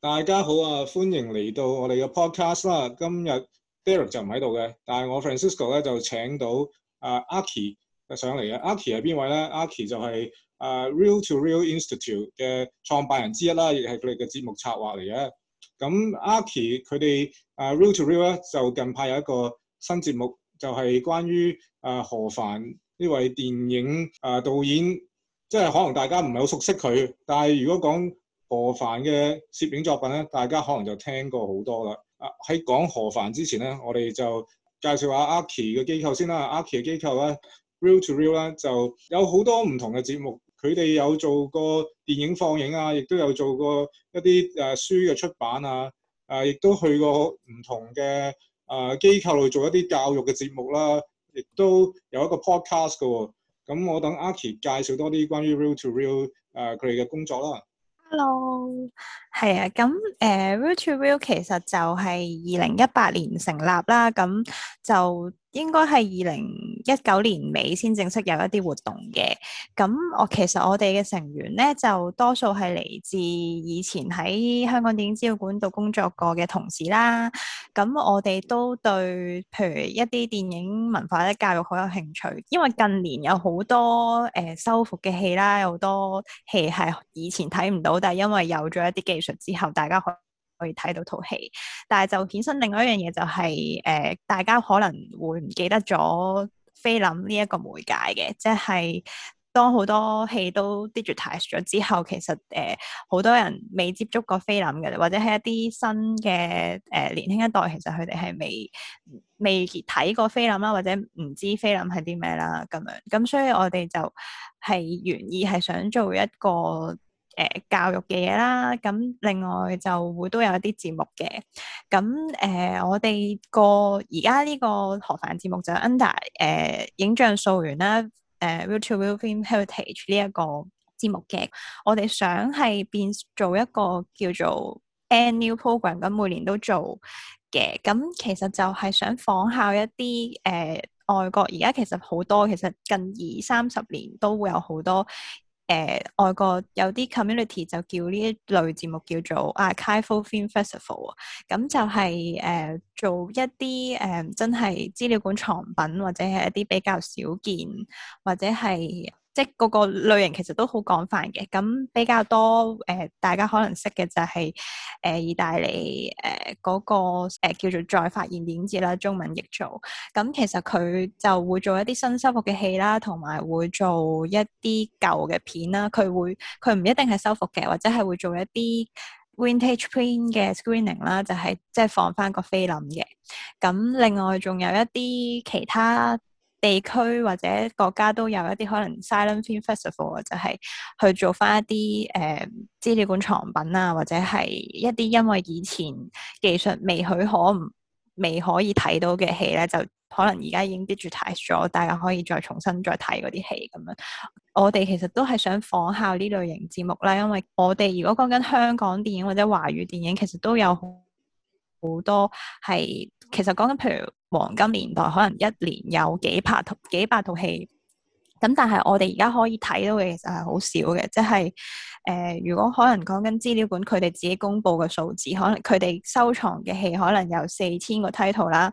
大家好啊，歡迎嚟到我哋嘅 podcast 啦。今日 Derek 就唔喺度嘅，但係我 Francisco 咧就請到阿阿 Ki 上嚟嘅、啊。阿 Ki 係邊位咧？阿 Ki 就係啊 Real to Real Institute 嘅創辦人之一啦，亦係佢哋嘅節目策劃嚟嘅。咁阿 Ki 佢哋啊 Real to Real 咧就近排有一個新節目，就係、是、關於啊何煥呢位電影啊導演，即係可能大家唔係好熟悉佢，但係如果講何凡嘅攝影作品咧，大家可能就聽過好多啦。喺、啊、講何凡之前咧，我哋就介紹下阿 K 嘅機構先啦。阿 K 嘅機構咧，Real to Real 咧，就有好多唔同嘅節目。佢哋有做過電影放映啊，亦都有做過一啲誒、啊、書嘅出版啊。誒、啊，亦都去過唔同嘅誒機構去做一啲教育嘅節目啦。亦都有一個 podcast 嘅、哦。咁我等阿 K 介紹多啲關於 Real to Real 誒佢哋嘅工作啦。Hello，係啊，咁誒，Virtual 其實就係二零一八年成立啦，咁就。應該係二零一九年尾先正式有一啲活動嘅。咁我其實我哋嘅成員咧就多數係嚟自以前喺香港電影資料館度工作過嘅同事啦。咁我哋都對譬如一啲電影文化嘅教育好有興趣，因為近年有好多誒、呃、修復嘅戲啦，有好多戲係以前睇唔到，但係因為有咗一啲技術之後，大家可。可以睇到套戲，但係就衍生另外一樣嘢，就是，就係誒大家可能會唔記得咗菲林呢一個媒介嘅，即、就、係、是、當好多戲都 digitize 咗之後，其實誒好、呃、多人未接觸過菲林嘅，或者係一啲新嘅誒、呃、年輕一代，其實佢哋係未未睇過菲林啦，或者唔知菲林係啲咩啦咁樣。咁所以我哋就係原意係想做一個。誒教育嘅嘢啦，咁另外就會都有一啲節目嘅。咁誒、呃，我哋個而家呢個學範節目就 under 誒、呃、影像溯源啦，誒、呃、 virtual film heritage 呢一個節目嘅。我哋想係變做一個叫做 annual program 咁，每年都做嘅。咁其實就係想仿效一啲誒、呃、外國，而家其實好多，其實近二三十年都會有好多。誒、呃、外國有啲 community 就叫呢一類節目叫做 archival film festival，咁就係、是、誒、呃、做一啲誒、呃、真係資料館藏品或者係一啲比較少見或者係。即係嗰個類型其實都好廣泛嘅，咁比較多誒、呃，大家可能識嘅就係、是、誒、呃、意大利誒嗰、呃那個、呃、叫做再發現影子啦，中文譯做咁，其實佢就會做一啲新修復嘅戲啦，同埋會做一啲舊嘅片啦，佢會佢唔一定係修復嘅，或者係會做一啲 vintage print 嘅 screening 啦、就是，就係即係放翻個菲林嘅。咁另外仲有一啲其他。地區或者國家都有一啲可能 Silent Film Festival，就係去做翻一啲誒、呃、資料館藏品啊，或者係一啲因為以前技術未許可、唔未可以睇到嘅戲咧，就可能而家已經 digitize 咗，大家可以再重新再睇嗰啲戲咁樣。我哋其實都係想仿效呢類型節目啦，因為我哋如果講緊香港電影或者華語電影，其實都有好好多係。其實講緊譬如黃金年代，可能一年有幾百套幾百套戲，咁但係我哋而家可以睇到嘅其實係好少嘅，即係誒如果可能講緊資料館佢哋自己公佈嘅數字，可能佢哋收藏嘅戲可能有四千個 title 啦、啊，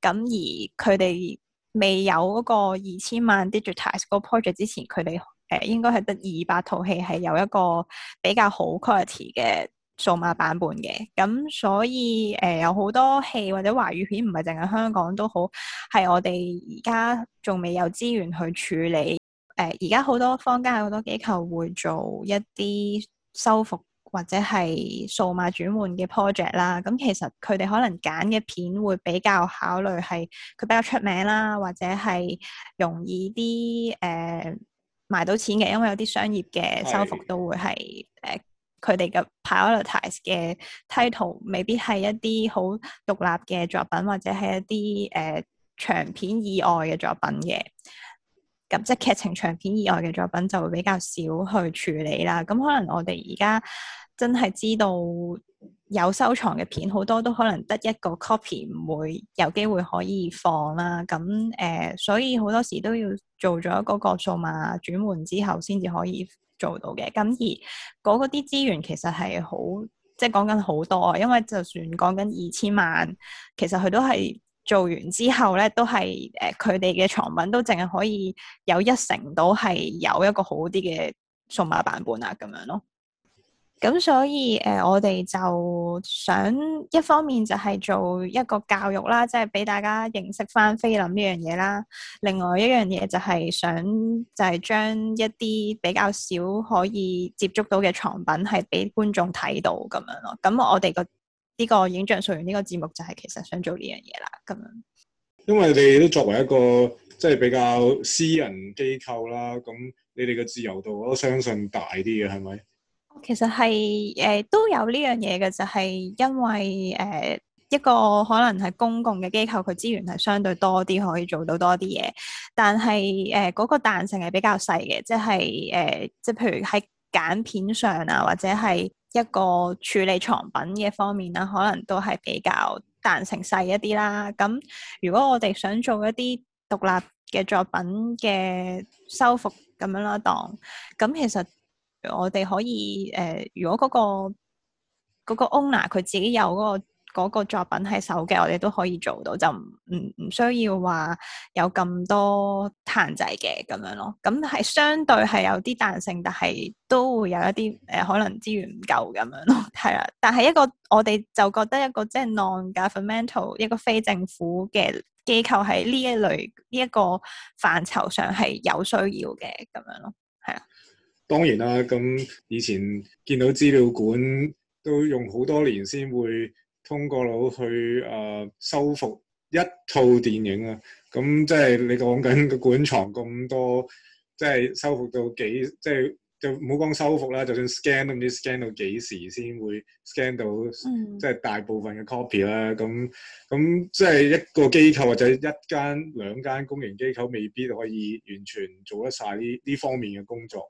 咁而佢哋未有嗰個二千萬 digitize 嗰 project 之前，佢哋誒應該係得二百套戲係有一個比較好 quality 嘅。數碼版本嘅，咁所以誒、呃、有好多戲或者華語片，唔係淨係香港都好，係我哋而家仲未有資源去處理。誒而家好多坊間有好多機構會做一啲修復或者係數碼轉換嘅 project 啦。咁、啊、其實佢哋可能揀嘅片會比較考慮係佢比較出名啦，或者係容易啲誒賣到錢嘅，因為有啲商業嘅修復都會係誒。佢哋嘅 prioritize 嘅 title 未必係一啲好獨立嘅作品，或者係一啲誒、呃、長片以外嘅作品嘅。咁即係劇情長片以外嘅作品就會比較少去處理啦。咁可能我哋而家真係知道。有收藏嘅片，好多都可能得一個 copy，唔會有機會可以放啦。咁誒、呃，所以好多時都要做咗一個個數碼轉換之後，先至可以做到嘅。咁而嗰啲資源其實係好，即係講緊好多啊。因為就算講緊二千萬，其實佢都係做完之後咧，都係誒佢哋嘅藏品都淨係可以有一成度係有一個好啲嘅數碼版本啊，咁樣咯。咁所以誒、呃，我哋就想一方面就係做一個教育啦，即係俾大家認識翻菲林呢樣嘢啦。另外一樣嘢就係想就係將一啲比較少可以接觸到嘅藏品係俾觀眾睇到咁樣咯。咁我哋個呢個影像溯源呢個節目就係其實想做呢樣嘢啦。咁樣，因為你哋都作為一個即係、就是、比較私人機構啦，咁你哋個自由度我都相信大啲嘅，係咪？其實係誒、呃、都有呢樣嘢嘅，就係、是、因為誒、呃、一個可能係公共嘅機構，佢資源係相對多啲，可以做到多啲嘢。但係誒嗰個彈性係比較細嘅，即係誒即係譬如喺揀片上啊，或者係一個處理藏品嘅方面啦、啊，可能都係比較彈性細一啲啦。咁如果我哋想做一啲獨立嘅作品嘅修復咁樣啦，當咁其實。我哋可以誒、呃，如果嗰個嗰個 owner 佢自己有嗰個嗰個作品喺手嘅，我哋都可以做到，就唔唔唔需要話有咁多限制嘅咁樣咯。咁係相對係有啲彈性，但係都會有一啲誒、呃，可能資源唔夠咁樣咯。係啊，但係一個我哋就覺得一個即係 non-governmental 一個非政府嘅機構喺呢一類呢一個範疇上係有需要嘅咁樣咯，係啊。當然啦，咁以前見到資料館都用好多年先會通過到去誒修、呃、復一套電影啊。咁即係你講緊個館藏咁多，即係修復到幾，即係就唔好講修復啦。就算 scan 都唔知 scan 到幾時先會 scan 到，即係大部分嘅 copy 啦。咁咁、嗯、即係一個機構或者一間兩間公營機構未必可以完全做得晒呢呢方面嘅工作。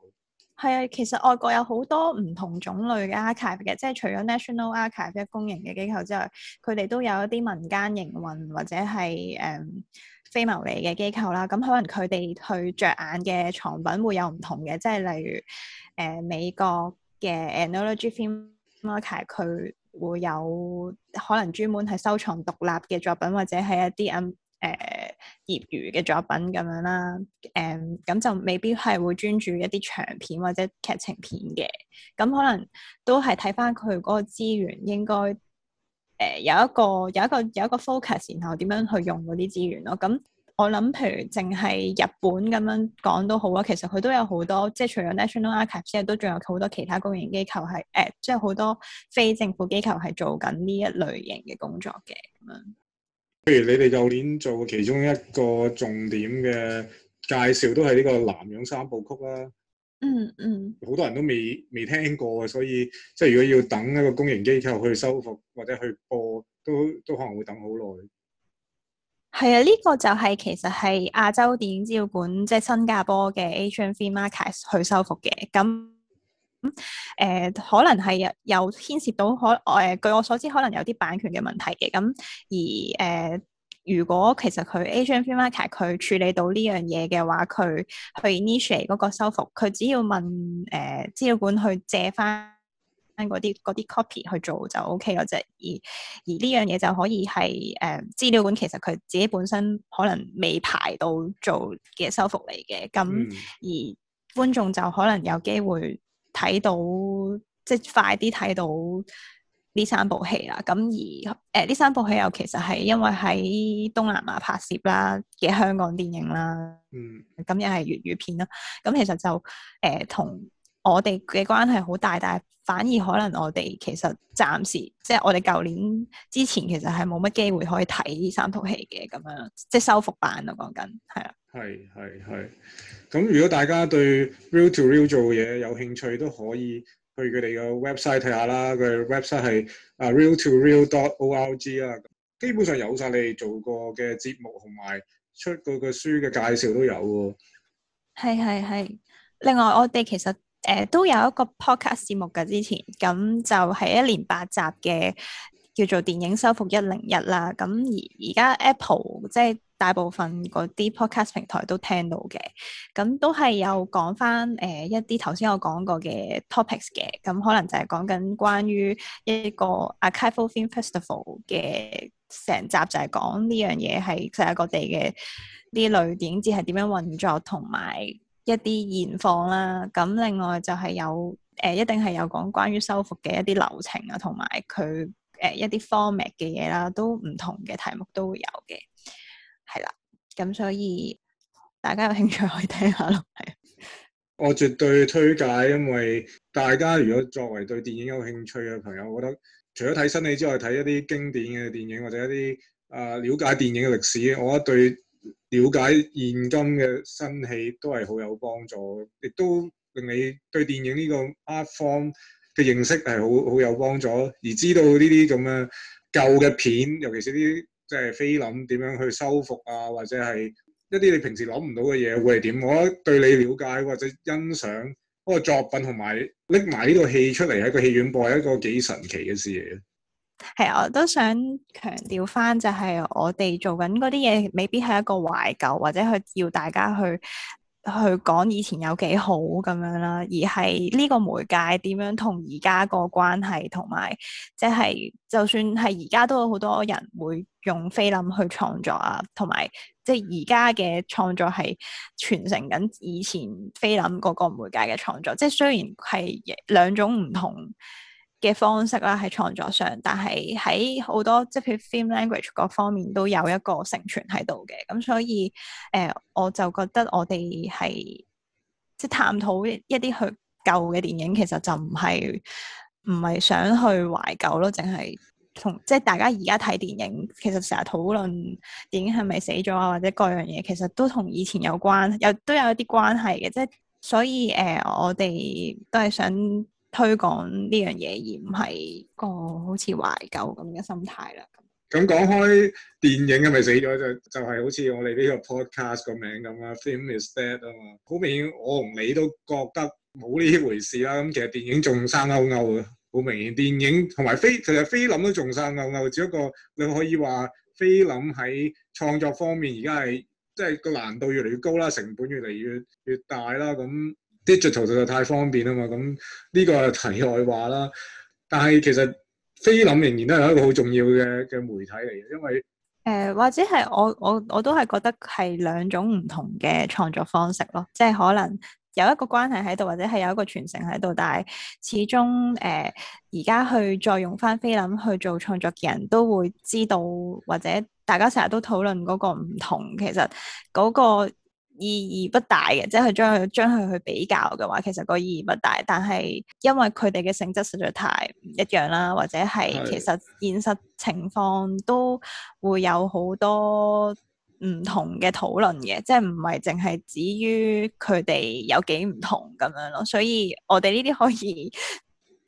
係啊，其實外國有好多唔同種類嘅 archive 嘅，即係除咗 national archive 公營嘅機構之外，佢哋都有一啲民間營運或者係誒、嗯、非牟利嘅機構啦。咁、嗯、可能佢哋去着眼嘅藏品會有唔同嘅，即係例如誒、呃、美國嘅 analog film m a r v e 佢會有可能專門係收藏獨立嘅作品，或者係一啲誒、呃、業餘嘅作品咁樣啦，誒、呃、咁就未必係會專注一啲長片或者劇情片嘅，咁可能都係睇返佢嗰個資源，應該誒、呃、有一個有一個有一個 focus，然後點樣去用嗰啲資源咯。咁我諗，譬如淨係日本咁樣講都好啊，其實佢都有好多，即係除咗 National Archives 之外，都仲有好多其他公營機構係誒，即係好多非政府機構係做緊呢一類型嘅工作嘅咁樣。譬如你哋舊年做嘅其中一個重點嘅介紹，都係呢、這個南洋三部曲啦、嗯。嗯嗯，好多人都未未聽過，所以即係如果要等一個公營機構去修復或者去播，都都可能會等好耐。係啊，呢、這個就係、是、其實係亞洲電影資料館，即、就、係、是、新加坡嘅 Asian Film Archives 去修復嘅。咁。咁誒、呃、可能係有牽涉到可誒、呃，據我所知可能有啲版權嘅問題嘅。咁而誒，如果其實佢 Asian Film Market 佢處理到呢樣嘢嘅話，佢去 initiate 嗰個修復，佢只要問誒資、呃、料館去借翻翻嗰啲啲 copy 去做就 O K 啦啫。而而呢樣嘢就可以係誒資料館其實佢自己本身可能未排到做嘅修復嚟嘅。咁、嗯、而觀眾就可能有機會。睇到即係快啲睇到呢三部戲啦，咁而誒呢、呃、三部戲又其實係因為喺東南亞拍攝啦嘅香港電影啦，嗯，咁又係粵語片啦，咁其實就誒同，呃我哋嘅關係好大，但係反而可能我哋其實暫時即係我哋舊年之前其實係冇乜機會可以睇呢三套戲嘅咁樣，即係修復版咯。我講緊係啊，係係係。咁如果大家對 Real to Real 做嘢有興趣，都可以去佢哋嘅 website 睇下啦。佢 website 係啊 Real to Real.org 啊，基本上有晒你做過嘅節目，同埋出過嘅書嘅介紹都有喎。係係係。另外，我哋其實誒、呃、都有一個 podcast 節目㗎，之前咁就係一連八集嘅叫做《電影修復一零一》啦。咁而而家 Apple 即係大部分嗰啲 podcast 平台都聽到嘅，咁都係有講翻誒一啲頭先我講過嘅 topics 嘅。咁可能就係講緊關於一個 Archival Film Festival 嘅成集，就係講呢樣嘢係世界各地嘅呢類電影節係點樣運作，同埋，一啲現況啦，咁另外就係有誒、呃，一定係有講關於修復嘅一啲流程啊，同埋佢誒一啲 format 嘅嘢啦，都唔同嘅題目都會有嘅，係啦。咁所以大家有興趣可以聽下咯。係，我絕對推介，因為大家如果作為對電影有興趣嘅朋友，我覺得除咗睇新戲之外，睇一啲經典嘅電影或者一啲啊、呃、了解電影嘅歷史，我覺得對。了解現今嘅新戲都係好有幫助，亦都令你對電影呢個 art form 嘅認識係好好有幫助。而知道呢啲咁樣嘅舊嘅片，尤其是啲即係菲林點樣去修復啊，或者係一啲你平時諗唔到嘅嘢會係點？我覺得對你了解或者欣賞嗰個作品同埋拎埋呢個戲出嚟喺個戲院播係一個幾神奇嘅事嚟嘅。係啊，我都想強調翻，就係我哋做緊嗰啲嘢，未必係一個懷舊，或者去要大家去去講以前有幾好咁樣啦，而係呢個媒介點樣同而家個關係，同埋即係就算係而家都有好多人會用菲林去創作啊，同埋即係而家嘅創作係傳承緊以前菲林嗰個媒介嘅創作，即係雖然係兩種唔同。嘅方式啦，喺創作上，但係喺好多即係譬如 film language 各方面都有一個承傳喺度嘅，咁所以誒、呃，我就覺得我哋係即係探討一啲去舊嘅電影，其實就唔係唔係想去懷舊咯，淨係同即係大家而家睇電影，其實成日討論電影係咪死咗啊，或者各樣嘢，其實都同以前有關，有都有一啲關係嘅，即係所以誒、呃，我哋都係想。推廣呢樣嘢而唔係個好似懷舊咁嘅心態啦。咁講開電影，係咪死咗就就係好似我哋呢個 podcast 個名咁啊？Film is dead 啊嘛。好、嗯、明顯，我同你都覺得冇呢回事啦。咁、嗯、其實電影仲生勾勾啊！好明顯，電影同埋菲，其實菲林都仲生勾勾，只不過你可以話菲林喺創作方面而家係即係個難度越嚟越高啦，成本越嚟越越大啦，咁、嗯。digital 實在太方便啊嘛，咁呢個係題外話啦。但係其實菲林仍然都係一個好重要嘅嘅媒體嚟嘅，因為誒、呃、或者係我我我都係覺得係兩種唔同嘅創作方式咯，即係可能有一個關係喺度，或者係有一個傳承喺度，但係始終誒而家去再用返菲林去做創作嘅人都會知道，或者大家成日都討論嗰個唔同，其實嗰、嗰個。意義不大嘅，即係將佢將佢去比較嘅話，其實個意義不大。但係因為佢哋嘅性質實在太唔一樣啦，或者係其實現實情況都會有好多唔同嘅討論嘅，即係唔係淨係止於佢哋有幾唔同咁樣咯。所以我哋呢啲可以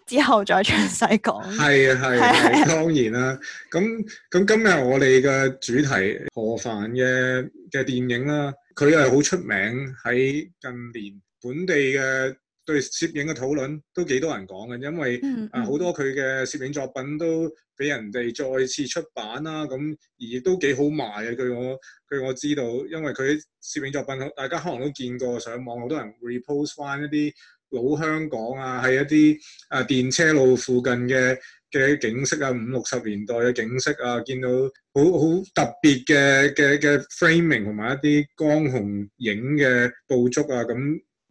之後再詳細講。係啊，係啊，當然啦。咁咁 今日我哋嘅主題何凡嘅嘅電影啦。佢係好出名，喺近年本地嘅對攝影嘅討論都幾多人講嘅，因為嗯嗯啊好多佢嘅攝影作品都俾人哋再次出版啦，咁而都幾好賣嘅。據我據我知道，因為佢攝影作品，大家可能都見過上網，好多人 repost 翻一啲老香港啊，喺一啲啊電車路附近嘅嘅景色啊，五六十年代嘅景色啊，見到好好特別嘅嘅嘅 framing 同埋一啲光虹影嘅捕捉啊，咁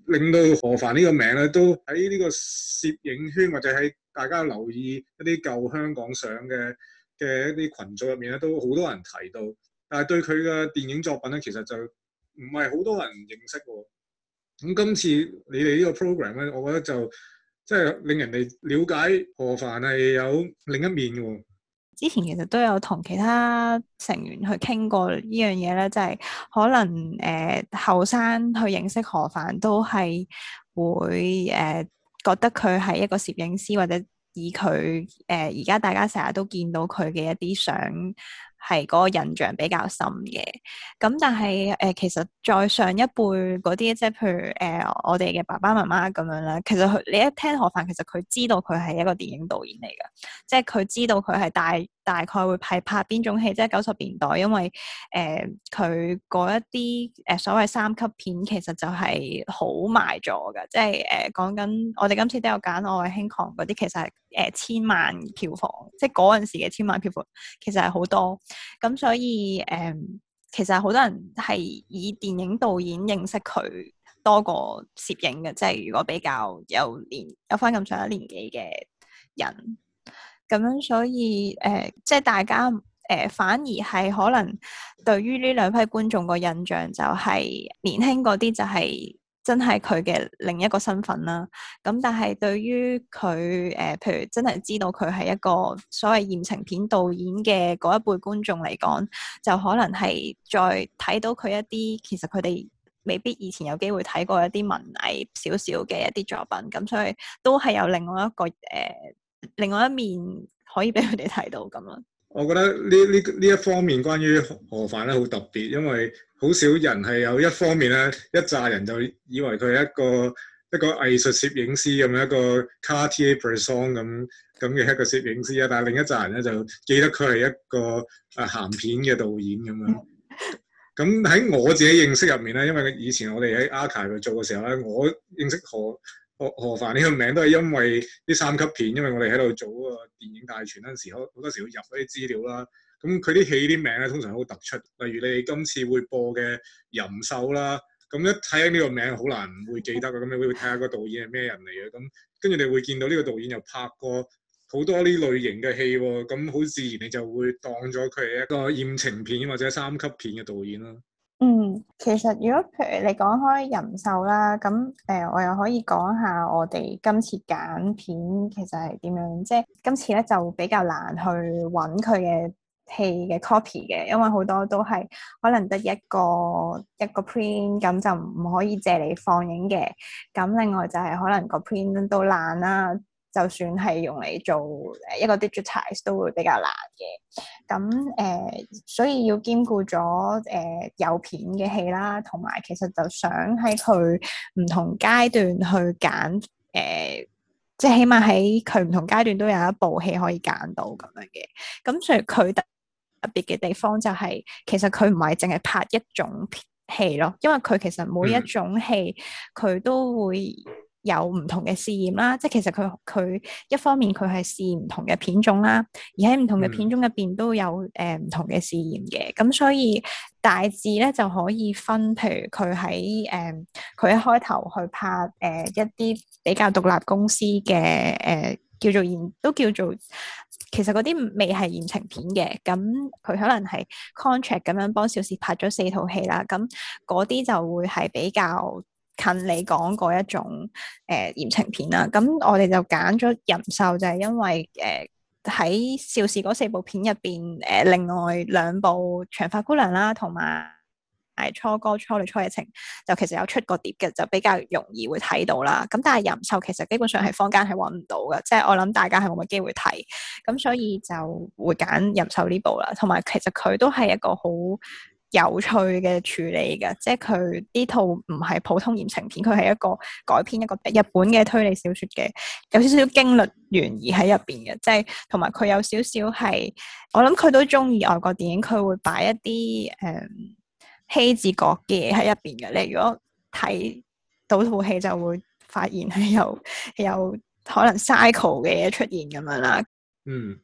令到何凡呢個名咧，都喺呢個攝影圈或者喺大家留意一啲舊香港相嘅嘅一啲群組入面咧，都好多人提到。但係對佢嘅電影作品咧，其實就唔係好多人認識。咁今次你哋呢個 program 咧，我覺得就。即係令人哋了解何凡係有另一面喎。之前其實都有同其他成員去傾過呢樣嘢咧，即係可能誒後生去認識何凡都係會誒覺得佢係一個攝影師，或者以佢誒而家大家成日都見到佢嘅一啲相。係嗰個印象比較深嘅，咁但係誒、呃，其實再上一輩嗰啲，即係譬如誒、呃、我哋嘅爸爸媽媽咁樣啦，其實佢你一聽何藩，其實佢知道佢係一個電影導演嚟嘅，即係佢知道佢係大大概會係拍邊種戲，即係九十年代，因為誒佢嗰一啲誒、呃、所謂三級片，其實就係好賣座嘅，即係誒、呃、講緊我哋今次都有揀《我為卿狂》嗰啲，其實誒、呃、千萬票房，即係嗰陣時嘅千萬票房，其實係好多。咁所以，誒、呃，其實好多人係以電影導演認識佢多過攝影嘅，即係如果比較有年有翻咁上一年紀嘅人，咁樣所以，誒、呃，即係大家，誒、呃，反而係可能對於呢兩批觀眾個印象就係年輕嗰啲就係、是。真係佢嘅另一個身份啦。咁但係對於佢誒，譬如真係知道佢係一個所謂艷情片導演嘅嗰一輩觀眾嚟講，就可能係再睇到佢一啲其實佢哋未必以前有機會睇過一啲文藝少少嘅一啲作品。咁所以都係有另外一個誒、呃，另外一面可以俾佢哋睇到咁樣。我覺得呢呢呢一方面關於何，何凡咧，好特別，因為。好少人係有一方面咧，一紮人就以為佢係一個一個藝術攝影師咁樣一個 Cartier-Bresson 咁咁嘅一個攝影師啊，但係另一紮人咧就記得佢係一個啊鹹片嘅導演咁樣。咁喺我自己認識入面咧，因為以前我哋喺 Archive 度做嘅時候咧，我認識何何藩呢個名都係因為啲三級片，因為我哋喺度做嗰個電影大全嗰陣時，好多時要入嗰啲資料啦。咁佢啲戲啲名咧，通常好突出。例如你哋今次會播嘅《淫獸》啦，咁一睇呢個名好難會記得㗎。咁你會唔會睇下個導演係咩人嚟嘅？咁跟住你會見到呢個導演又拍過好多呢類型嘅戲喎。咁好自然，你就會當咗佢係一個艷情片或者三級片嘅導演咯。嗯，其實如果譬如你講開淫秀《淫獸》啦、呃，咁誒我又可以講下我哋今次揀片其實係點樣。即係今次咧就比較難去揾佢嘅戲嘅 copy 嘅，因為好多都係可能得一個一個 print，咁就唔可以借嚟放映嘅。咁另外就係可能個 print 都爛啦，就算係用嚟做一個 digitize 都會比較難嘅。咁誒、呃，所以要兼顧咗誒、呃、有片嘅戲啦，同埋其實就想喺佢唔同階段去揀誒，即、呃、係、就是、起碼喺佢唔同階段都有一部戲可以揀到咁樣嘅。咁所以佢得特別嘅地方就係、是，其實佢唔係淨係拍一種片戲咯，因為佢其實每一種戲佢都會有唔同嘅試驗啦。即係其實佢佢一方面佢係試唔同嘅片種啦，而喺唔同嘅片種入邊都有誒唔、呃、同嘅試驗嘅。咁所以大致咧就可以分，譬如佢喺誒佢一開頭去拍誒、呃、一啲比較獨立公司嘅誒、呃、叫做現都叫做。其實嗰啲未係言情片嘅，咁佢可能係 contract 咁樣幫邵氏拍咗四套戲啦，咁嗰啲就會係比較近你講嗰一種誒言、呃、情片啦。咁我哋就揀咗人壽，就係、是、因為誒喺邵氏嗰四部片入邊，誒、呃、另外兩部長髮姑娘啦，同埋。係初哥初女初嘢情就其實有出個碟嘅，就比較容易會睇到啦。咁但係人獸其實基本上係坊間係搵唔到嘅，即、就、係、是、我諗大家係冇乜機會睇。咁所以就會揀人獸呢部啦。同埋其實佢都係一個好有趣嘅處理噶，即係佢呢套唔係普通言情片，佢係一個改編一個日本嘅推理小說嘅，有少少驚律懸疑喺入邊嘅。即係同埋佢有少少係，我諗佢都中意外國電影，佢會擺一啲誒。嗯希治閣嘅嘢喺入邊嘅，你如果睇到套戲就會發現係有有可能 cycle 嘅嘢出現咁樣啦。嗯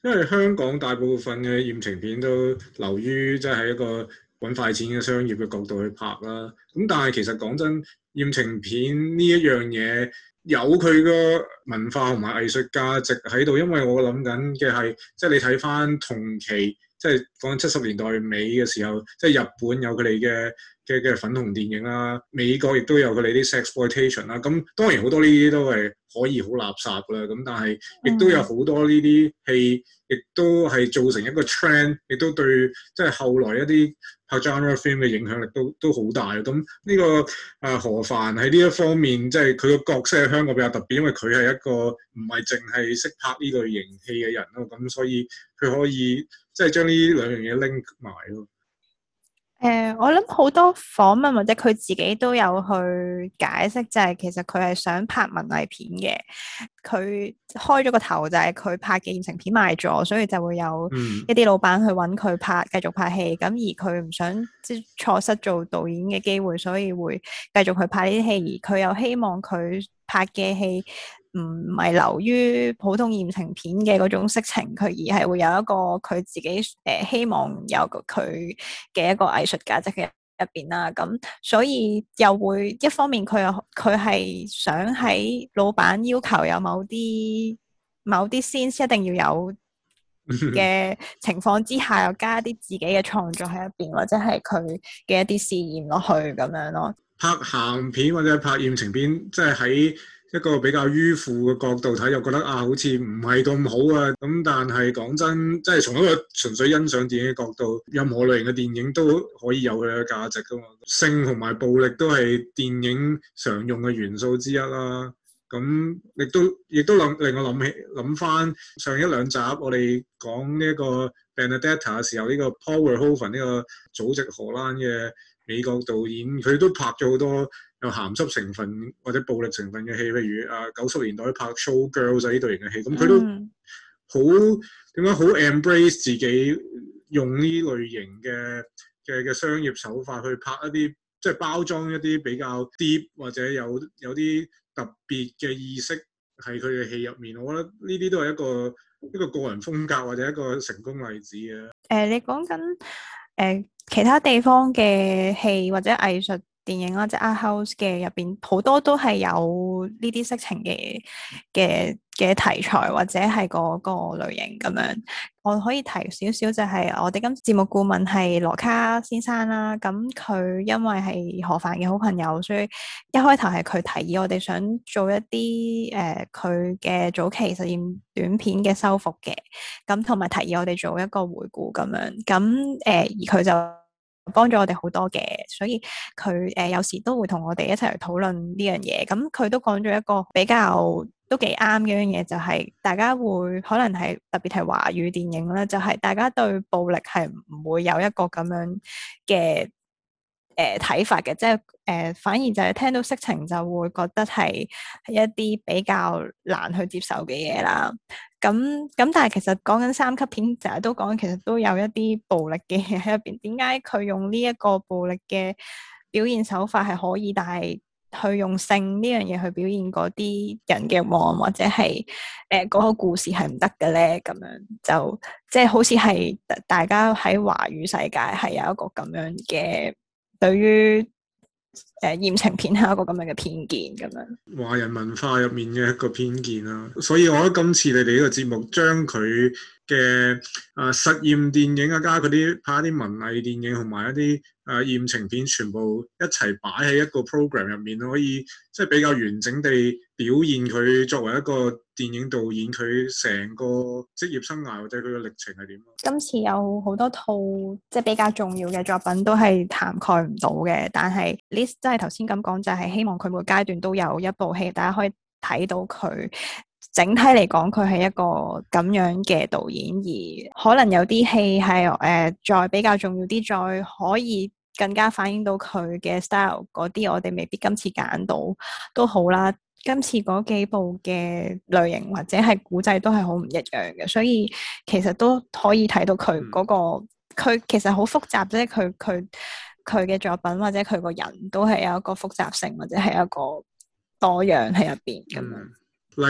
因為香港大部分嘅艷情片都流於即係一個揾快錢嘅商業嘅角度去拍啦。咁但係其實講真，艷情片呢一樣嘢有佢嘅文化同埋藝術價值喺度，因為我諗緊嘅係即係你睇翻同期。即係講七十年代尾嘅時候，即係日本有佢哋嘅嘅嘅粉紅電影啦，美國亦都有佢哋啲 sex exploitation 啦。咁當然好多呢啲都係可以好垃圾啦。咁但係亦都有好多呢啲戲，亦都係造成一個 trend，亦都對即係、就是、後來一啲拍 genre film 嘅影響力都都好大。咁呢個啊何凡喺呢一方面，即係佢個角色喺香港比較特別，因為佢係一個唔係淨係識拍呢類型的戲嘅人咯。咁所以佢可以即係將呢兩樣嘢拎埋咯。誒，uh, 我諗好多訪問或者佢自己都有去解釋，就係、是、其實佢係想拍文藝片嘅。佢開咗個頭就係佢拍嘅現成片賣咗，所以就會有一啲老闆去揾佢拍，繼續拍戲。咁而佢唔想即錯失做導演嘅機會，所以會繼續去拍呢啲戲。而佢又希望佢拍嘅戲。唔咪流於普通言情片嘅嗰種色情，佢而係會有一個佢自己誒希望有佢嘅一個藝術價值嘅入入邊啦。咁所以又會一方面佢又佢係想喺老闆要求有某啲某啲先 e 一定要有嘅情況之下， 又加啲自己嘅創作喺入邊，或者係佢嘅一啲試驗落去咁樣咯。拍鹹片或者拍言情片，即係喺。一個比較迂腐嘅角度睇，又覺得啊，好似唔係咁好啊。咁但係講真，即係從一個純粹欣賞電影嘅角度，任何類型嘅電影都可以有佢嘅價值噶、啊、嘛。性同埋暴力都係電影常用嘅元素之一啦、啊。咁亦都亦都令令我諗起諗翻上一兩集我哋講呢個 Benedetta 嘅時候，呢、這個 Paul Verhoeven 呢個祖籍荷蘭嘅美國導演，佢都拍咗好多。有鹹濕成分或者暴力成分嘅戲，譬如啊九十年代拍《Show Girls》啊呢類型嘅戲，咁佢、嗯、都好點解好 embrace 自己用呢類型嘅嘅嘅商業手法去拍一啲，即係包裝一啲比較 deep 或者有有啲特別嘅意識喺佢嘅戲入面，我覺得呢啲都係一個一個個人風格或者一個成功例子嘅。誒、呃，你講緊誒其他地方嘅戲或者藝術。電影即或者 art house 嘅入邊，好多都係有呢啲色情嘅嘅嘅題材或者係嗰個類型咁樣。我可以提少少就係、是、我哋今次節目顧問係羅卡先生啦。咁佢因為係何凡嘅好朋友，所以一開頭係佢提議我哋想做一啲誒佢嘅早期實驗短片嘅修復嘅，咁同埋提議我哋做一個回顧咁樣。咁誒、呃、而佢就。幫咗我哋好多嘅，所以佢誒、呃、有時都會同我哋一齊嚟討論呢樣嘢。咁佢都講咗一個比較都幾啱嘅一樣嘢，就係、是、大家會可能係特別係華語電影啦，就係、是、大家對暴力係唔會有一個咁樣嘅。誒睇、呃、法嘅，即係誒、呃，反而就係聽到色情就會覺得係一啲比較難去接受嘅嘢啦。咁、嗯、咁、嗯，但係其實講緊三級片、就係，成日都講，其實都有一啲暴力嘅嘢喺入邊。點解佢用呢一個暴力嘅表現手法係可以，但係去用性呢樣嘢去表現嗰啲人嘅夢，或者係誒嗰個故事係唔得嘅咧？咁樣就即係好似係大家喺華語世界係有一個咁樣嘅。對於誒、呃、艷情片係一個咁樣嘅偏見咁樣，華人文化入面嘅一個偏見啦，所以我覺得今次你哋呢個節目將佢嘅誒實驗電影啊，加嗰啲拍一啲文藝電影同埋一啲誒艷情片，全部一齊擺喺一個 program 入面，可以即係比較完整地，表現佢作為一個電影導演，佢成個職業生涯或者佢個歷程係點？今次有好多套即係比較重要嘅作品都係涵蓋唔到嘅，但係 list 即係頭先咁講，就係、是、希望佢每階段都有一部戲，大家可以睇到佢整體嚟講，佢係一個咁樣嘅導演。而可能有啲戲係誒再比較重要啲，再可以更加反映到佢嘅 style 嗰啲，我哋未必今次揀到都好啦。今次嗰幾部嘅類型或者係故仔都係好唔一樣嘅，所以其實都可以睇到佢嗰、嗰個佢、嗯、其實好複雜，啫，佢佢佢嘅作品或者佢個人都係有一個複雜性或者係一個多樣喺入邊咁樣、嗯。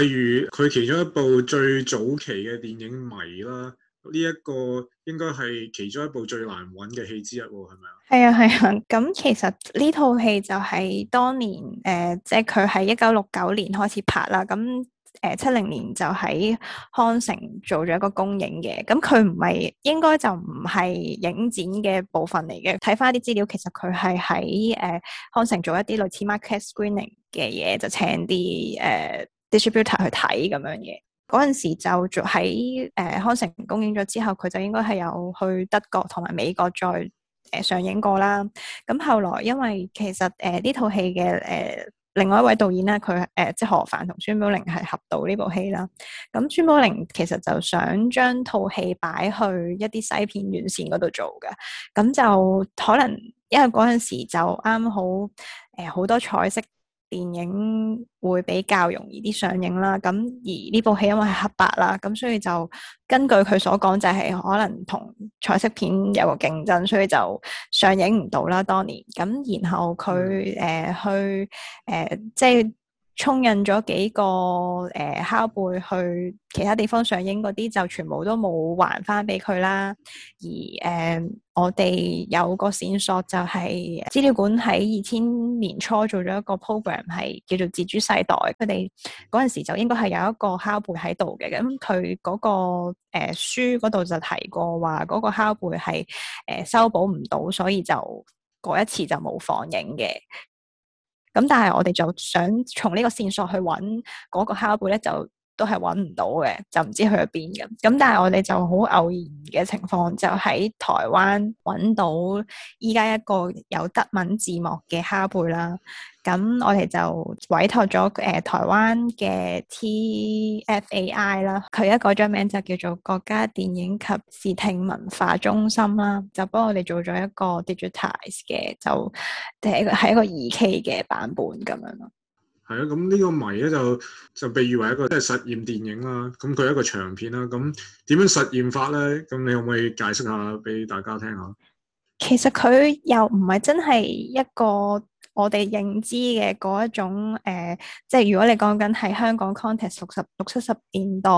例如佢其中一部最早期嘅電影《迷》啦。呢一個應該係其中一部最難揾嘅戲之一喎，係咪啊？係啊，係啊。咁其實呢套戲就係當年誒、呃，即係佢喺一九六九年開始拍啦。咁誒七零年就喺康城做咗一個公映嘅。咁佢唔係應該就唔係影展嘅部分嚟嘅。睇返啲資料，其實佢係喺誒康城做一啲類似 market screening 嘅嘢，就請啲誒、呃、distributor 去睇咁樣嘅。嗰陣時就喺誒、呃、康城公映咗之後，佢就應該係有去德國同埋美國再誒、呃、上映過啦。咁後來因為其實誒呢套戲嘅誒另外一位導演、呃、啦，佢誒即係何煥同孫寶玲係合導呢部戲啦。咁孫寶玲其實就想將套戲擺去一啲西片院線嗰度做嘅，咁就可能因為嗰陣時就啱好誒好、呃、多彩色。電影會比較容易啲上映啦，咁而呢部戲因為係黑白啦，咁所以就根據佢所講就係可能同彩色片有個競爭，所以就上映唔到啦。當年咁，然後佢誒、嗯呃、去誒、呃、即係。沖印咗幾個誒拷貝去其他地方上映嗰啲，就全部都冇還翻俾佢啦。而誒、呃、我哋有個線索，就係資料館喺二千年初做咗一個 program，係叫做《自主世代》。佢哋嗰陣時就應該係有一個拷貝喺度嘅。咁佢嗰個誒、呃、書嗰度就提過話，嗰個拷貝係誒修補唔到，所以就嗰一次就冇放映嘅。咁但係我哋就想從呢個線索去揾嗰個下一步咧就。都係揾唔到嘅，就唔知去咗邊嘅。咁但係我哋就好偶然嘅情況，就喺台灣揾到依家一個有德文字幕嘅哈貝啦。咁我哋就委託咗誒台灣嘅 TFAI 啦，佢一個張名就叫做國家電影及視聽文化中心啦，就幫我哋做咗一個 digitize 嘅，就係一個係一個 2K 嘅版本咁樣咯。係啊，咁呢個迷咧就就被譽為一個即係實驗電影啦。咁佢係一個長片啦。咁點樣實驗法咧？咁你可唔可以解釋下俾大家聽下？其實佢又唔係真係一個我哋認知嘅嗰一種誒、呃，即係如果你講緊係香港 context 六十六七十年代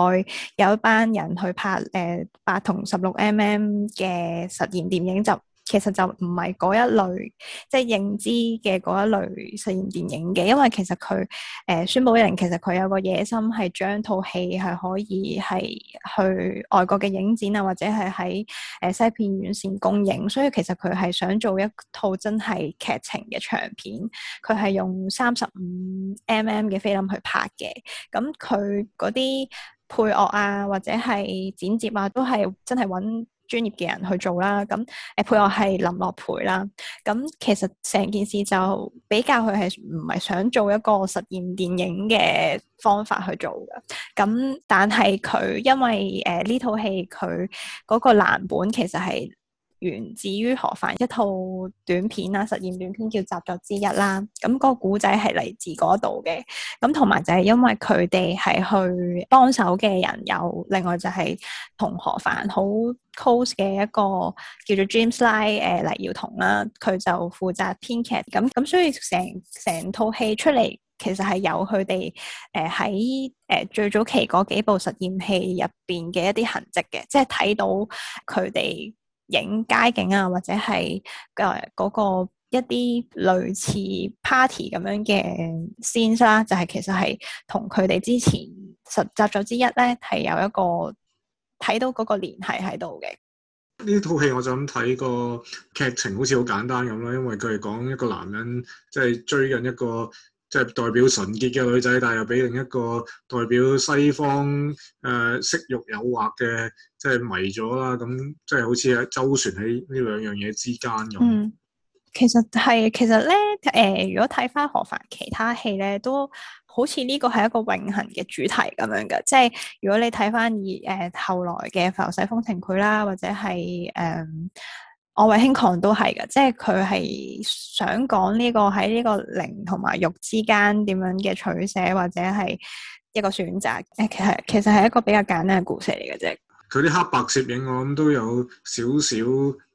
有一班人去拍誒八、呃、同十六 mm 嘅實驗電影就。其實就唔係嗰一類，即係認知嘅嗰一類實驗電影嘅，因為其實佢誒、呃、宣保瑩其實佢有個野心係將套戲係可以係去外國嘅影展啊，或者係喺誒西片院線公映，所以其實佢係想做一套真係劇情嘅長片，佢係用三十五 mm 嘅菲林去拍嘅，咁佢嗰啲配樂啊，或者係剪接啊，都係真係揾。專業嘅人去做啦，咁誒、呃、配樂係林樂培啦，咁其實成件事就比較佢係唔係想做一個實驗電影嘅方法去做嘅，咁但係佢因為誒呢套戲佢嗰個藍本其實係。源自於何煥一套短片啊，實驗短片叫《習作之一》啦。咁、那、嗰個故仔係嚟自嗰度嘅。咁同埋就係因為佢哋係去幫手嘅人有，另外就係同何煥好 close 嘅一個叫做 James Lie 誒、呃、黎耀同啦。佢就負責編劇。咁咁所以成成套戲出嚟，其實係有佢哋誒喺誒最早期嗰幾部實驗戲入邊嘅一啲痕跡嘅，即係睇到佢哋。影街景啊，或者係誒嗰個一啲類似 party 咁樣嘅 scene 啦，就係其實係同佢哋之前實習咗之一咧，係有一個睇到嗰個聯繫喺度嘅。呢套戲我就咁睇個劇情，好似好簡單咁啦，因為佢係講一個男人即係追緊一個即係代表純潔嘅女仔，但係又俾另一個代表西方誒、呃、色欲誘惑嘅。即係迷咗啦，咁即係好似喺周旋喺呢兩樣嘢之間咁。嗯，其實係其實咧，誒、呃，如果睇翻何凡其他戲咧，都好似呢個係一個永恆嘅主題咁樣嘅。即係如果你睇翻以誒後來嘅《浮世風情》佢啦，或者係誒《我為卿狂》都係嘅。即係佢係想講呢、這個喺呢個靈同埋肉之間點樣嘅取捨，或者係一個選擇。誒，其實其實係一個比較簡單嘅故事嚟嘅啫。佢啲黑白攝影我諗都有少少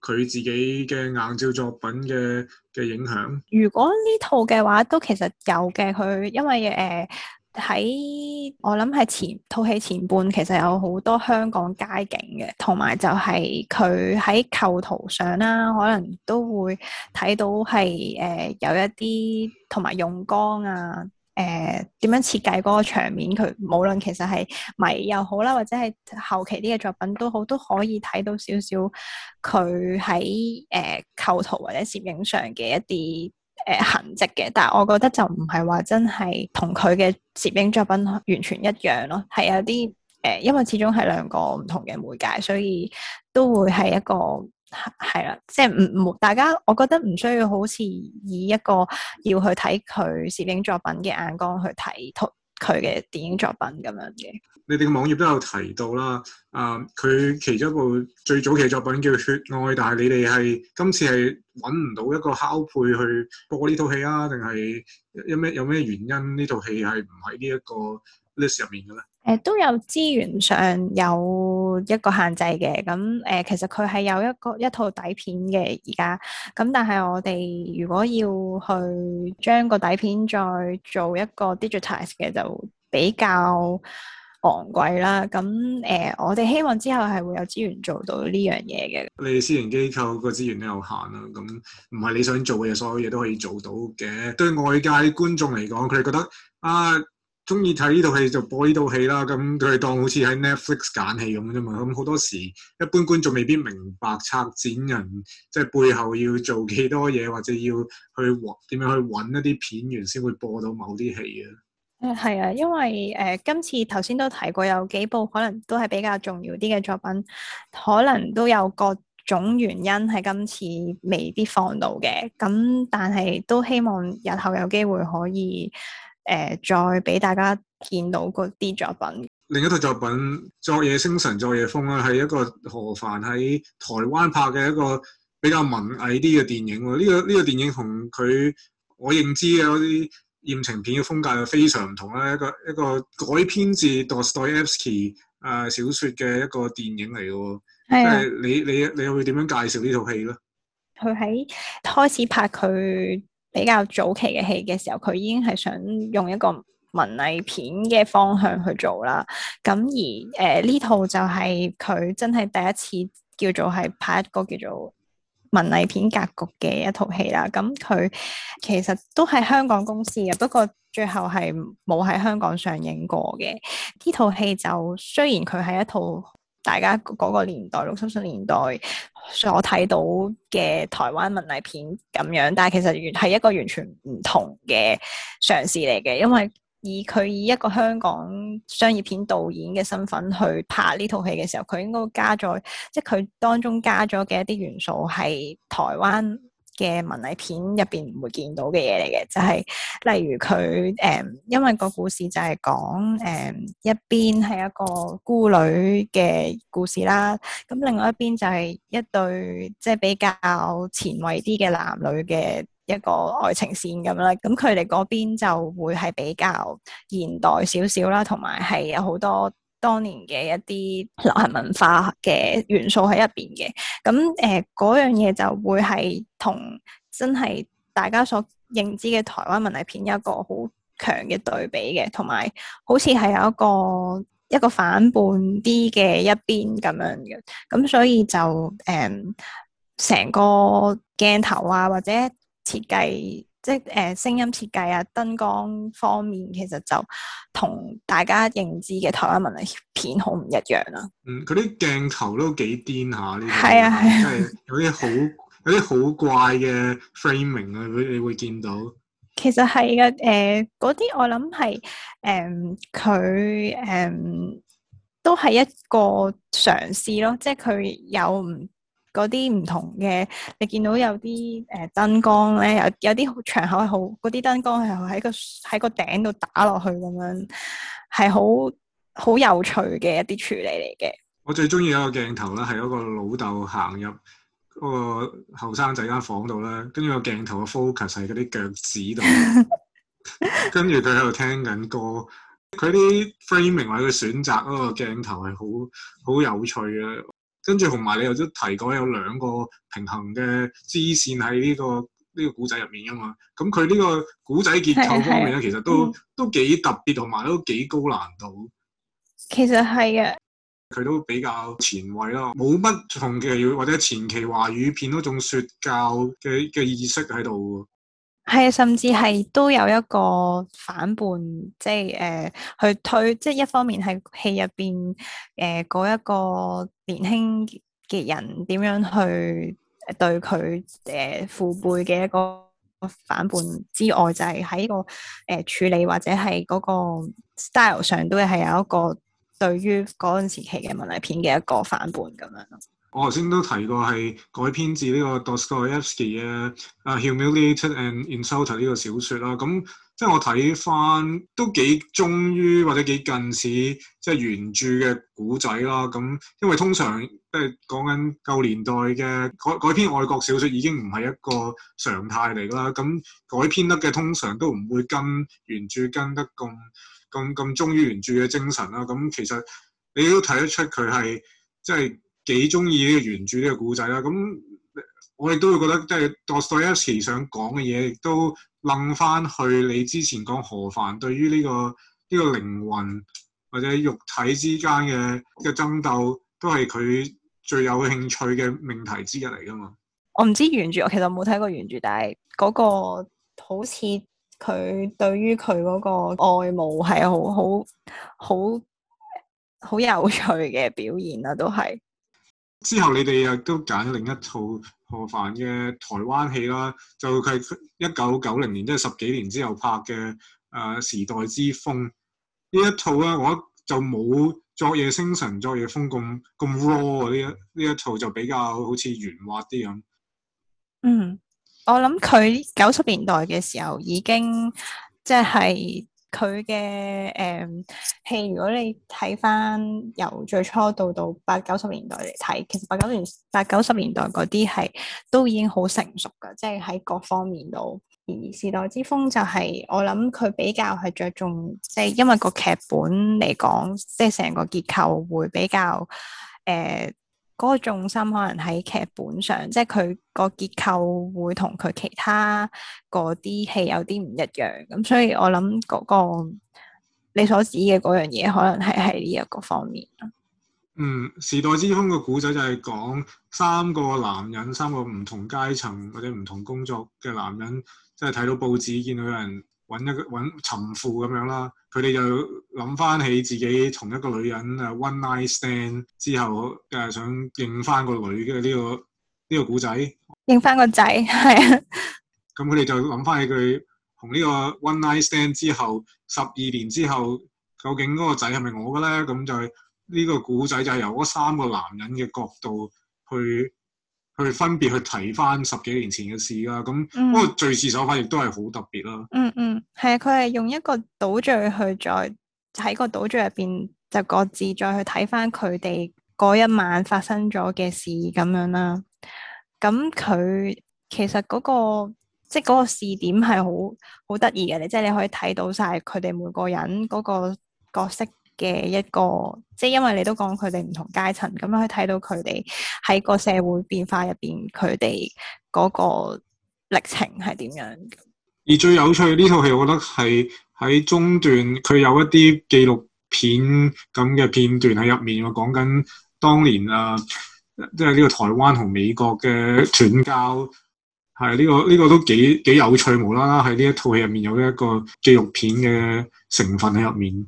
佢自己嘅硬照作品嘅嘅影響。如果呢套嘅話，都其實有嘅。佢因為誒喺、呃、我諗係前套戲前半，其實有好多香港街景嘅，同埋就係佢喺構圖上啦、啊，可能都會睇到係誒、呃、有一啲同埋用光啊。誒點、呃、樣設計嗰個場面？佢無論其實係米又好啦，或者係後期啲嘅作品都好，都可以睇到少少佢喺誒構圖或者攝影上嘅一啲誒、呃、痕跡嘅。但係我覺得就唔係話真係同佢嘅攝影作品完全一樣咯，係有啲誒、呃，因為始終係兩個唔同嘅媒介，所以都會係一個。係啦，即係唔唔，大家我覺得唔需要好似以一個要去睇佢攝影作品嘅眼光去睇佢嘅電影作品咁樣嘅。你哋嘅網頁都有提到啦，啊、呃，佢其中一部最早期作品叫《血愛》，但係你哋係今次係搵唔到一個拷貝去播呢套戲啊？定係有咩有咩原因呢套戲係唔喺呢一個 list 入面嘅咧？誒，都有資源上有一個限制嘅，咁誒、呃、其實佢係有一個一套底片嘅而家，咁但係我哋如果要去將個底片再做一個 digitize 嘅，就比較昂貴啦。咁誒、呃，我哋希望之後係會有資源做到呢樣嘢嘅。你哋私營機構個資源都有限啦，咁唔係你想做嘅嘢，所有嘢都可以做到嘅。對外界觀眾嚟講，佢哋覺得啊～、呃中意睇呢套戲就播呢套戲啦，咁佢當好似喺 Netflix 揀戲咁啫嘛。咁好多時，一般觀眾未必明白策展人即係、就是、背後要做幾多嘢，或者要去點樣去揾一啲片源先會播到某啲戲嘅。誒、嗯，係啊，因為誒、呃、今次頭先都提過有幾部可能都係比較重要啲嘅作品，可能都有各種原因係今次未必放到嘅。咁但係都希望日後有機會可以。誒、呃，再俾大家見到嗰啲作品。另一套作品《昨夜星辰，昨夜風》啦，係一個何凡喺台灣拍嘅一個比較文藝啲嘅電影喎。呢、這個呢、這個電影同佢我認知嘅嗰啲艷情片嘅風格係非常唔同啦。一個一個改編自 Dostoevsky 啊、呃、小説嘅一個電影嚟嘅喎。你你你會點樣介紹呢套戲咧？佢喺開始拍佢。比較早期嘅戲嘅時候，佢已經係想用一個文藝片嘅方向去做啦。咁而誒呢套就係佢真係第一次叫做係拍一個叫做文藝片格局嘅一套戲啦。咁佢其實都係香港公司嘅，不過最後係冇喺香港上映過嘅呢套戲就。就雖然佢係一套，大家嗰個年代六七十年代所睇到嘅台灣文藝片咁樣，但係其實係一個完全唔同嘅嘗試嚟嘅，因為以佢以一個香港商業片導演嘅身份去拍呢套戲嘅時候，佢應該加咗，即係佢當中加咗嘅一啲元素係台灣嘅文藝片入邊唔會見到嘅嘢嚟嘅，就係、是、例如佢誒、嗯，因為個故事就係講誒一邊係一個孤女嘅故事啦，咁另外一邊就係一對即係、就是、比較前衛啲嘅男女嘅一個愛情線咁啦，咁佢哋嗰邊就會係比較現代少少啦，同埋係有好多。當年嘅一啲流行文化嘅元素喺入邊嘅，咁誒嗰樣嘢，就會係同真係大家所認知嘅台灣文藝片有一個好強嘅對比嘅，同埋好似係有一個一個反叛啲嘅一邊咁樣嘅，咁所以就誒成、呃、個鏡頭啊或者設計。即係誒、呃，聲音設計啊，燈光方面其實就同大家認知嘅台灣文藝片好唔一樣啦。嗯，佢啲鏡頭都幾癲下，呢係啊係啊，即係有啲好有啲好怪嘅 framing 啊，是 ing, 你會你會見到。其實係嘅，誒、呃，嗰啲我諗係誒，佢、呃、誒、呃，都係一個嘗試咯，即係佢有唔。嗰啲唔同嘅，你見到有啲誒、呃、燈光咧，有有啲場口係好，嗰啲燈光係喺個喺個頂度打落去咁樣，係好好有趣嘅一啲處理嚟嘅。 我最中意一個鏡頭咧，係嗰個老豆行入嗰個後生仔間房度咧，跟住個鏡頭嘅 focus 係嗰啲腳趾度，跟住佢喺度聽緊歌，佢啲 framing 或者佢選擇嗰個鏡頭係好好有趣嘅。跟住同埋你又都提過有兩個平衡嘅支線喺呢、這個呢、這個古仔入面噶嘛，咁佢呢個古仔結構方面咧，其實都、嗯、都幾特別，同埋都幾高難度。其實係嘅，佢都比較前衛咯，冇乜同嘅，或者前期華語片嗰種説教嘅嘅意識喺度喎。係啊，甚至係都有一個反叛，即係誒去推，即、就、係、是、一方面喺戲入邊誒嗰一個。年輕嘅人點樣去對佢誒父輩嘅一個反叛之外，就係、是、喺個誒、呃、處理或者係嗰個 style 上都會係有一個對於嗰陣時期嘅文藝片嘅一個反叛咁樣咯。我頭先都提過係改編自呢個 Dostoevsky 嘅《Humiliated and Insulted》呢、這個小説啦，咁。即係我睇翻都幾忠於或者幾近似即係原著嘅古仔啦，咁因為通常即係講緊舊年代嘅改改編外國小說已經唔係一個常態嚟啦，咁改編得嘅通常都唔會跟原著跟得咁咁咁忠於原著嘅精神啦，咁其實你都睇得出佢係即係幾中意呢個原著呢個古仔啦，咁。我亦都會覺得，即係 Dostoevsky 想講嘅嘢，亦都掕翻去你之前講何凡對於呢個呢個靈魂或者肉體之間嘅嘅爭鬥，都係佢最有興趣嘅命題之一嚟㗎嘛。我唔知原著，我其實冇睇過原著，但係嗰個好似佢對於佢嗰個外貌係好好好好有趣嘅表現啦，都係。之後你哋又都揀另一套何凡嘅台灣戲啦，就係一九九零年，即係十幾年之後拍嘅呃，《時代之風》呢一套咧，我就冇《昨夜星辰》《昨夜風》咁咁 raw 啊，呢一呢一套就比較好似圓滑啲咁。嗯，我諗佢九十年代嘅時候已經即係。佢嘅誒戲，如果你睇返由最初到到八九十年代嚟睇，其實八九年八九十年代嗰啲係都已經好成熟噶，即係喺各方面度。而時代之風就係、是，我諗佢比較係着重，即、就、係、是、因為個劇本嚟講，即係成個結構會比較誒。呃嗰個重心可能喺劇本上，即係佢個結構會同佢其他嗰啲戲有啲唔一樣，咁所以我諗嗰、嗰個嗰個你所指嘅嗰樣嘢，可能係喺呢一個方面咯。嗯，《時代之風》嘅古仔就係講三個男人，三個唔同階層或者唔同工作嘅男人，即係睇到報紙見到有人。揾一揾尋父咁樣啦，佢哋就諗翻起自己同一個女人啊，one night stand 之後，誒想認翻個女嘅呢、呢個呢、呢個故仔，認翻個仔，係啊。咁佢哋就諗翻起佢同呢個 one night stand 之後，十二年之後，究竟嗰個仔係咪我嘅咧？咁就係呢、呢個古仔就係由嗰三個男人嘅角度去。去分別去睇翻十幾年前嘅事啦、啊，咁個敘事手法亦都係好特別啦、啊嗯。嗯嗯，係啊，佢係用一個倒敍去再喺個倒敍入邊就各自再去睇翻佢哋嗰一晚發生咗嘅事咁樣啦。咁佢其實嗰、嗰個即係嗰個視點係好好得意嘅，你即係你可以睇到晒佢哋每個人嗰個角色。嘅一個，即係因為你都講佢哋唔同階層，咁樣可以睇到佢哋喺個社會變化入邊，佢哋嗰個歷程係點樣？而最有趣呢套戲，我覺得係喺中段，佢有一啲紀錄片咁嘅片段喺入面，我講緊當年啊，即係呢個台灣同美國嘅斷交，係呢個，呢個都幾幾有趣，無啦啦喺呢一套戲入面有一個紀錄片嘅成分喺入面。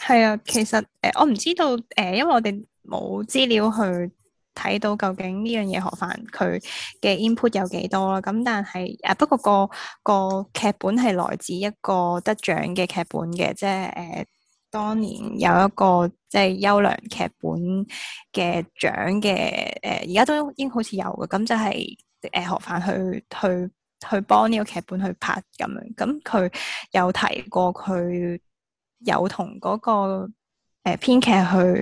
係啊，其實誒、呃，我唔知道誒、呃，因為我哋冇資料去睇到究竟呢樣嘢何凡佢嘅 input 有幾多啦。咁但係誒、啊，不過、那個、那個劇本係來自一個得獎嘅劇本嘅，即係誒、呃、當年有一個即係優良劇本嘅獎嘅誒，而、呃、家都已經好似有嘅。咁就係、是、誒、呃、何凡去去去，去幫呢個劇本去拍咁樣。咁佢有提過佢，有同嗰個誒編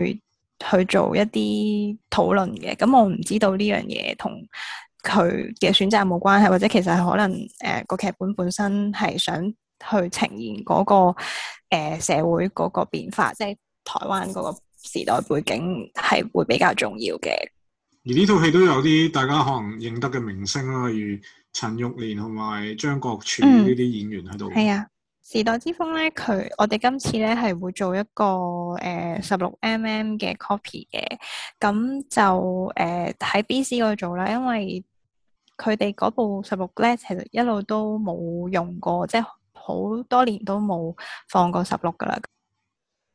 劇去去做一啲討論嘅，咁我唔知道呢樣嘢同佢嘅選擇有冇關係，或者其實係可能誒個、呃、劇本本身係想去呈現嗰、嗰個、呃、社會嗰個變化，即係台灣嗰個時代背景係會比較重要嘅。而呢套戲都有啲大家可能認得嘅明星啦，例如陳玉蓮同埋張國柱呢啲演員喺度。係啊、嗯。時代之風咧，佢我哋今次咧係會做一個誒十六 mm 嘅 copy 嘅，咁就誒喺 B C 嗰度做啦，因為佢哋嗰部十六咧其實一路都冇用過，即係好多年都冇放過十六㗎喇。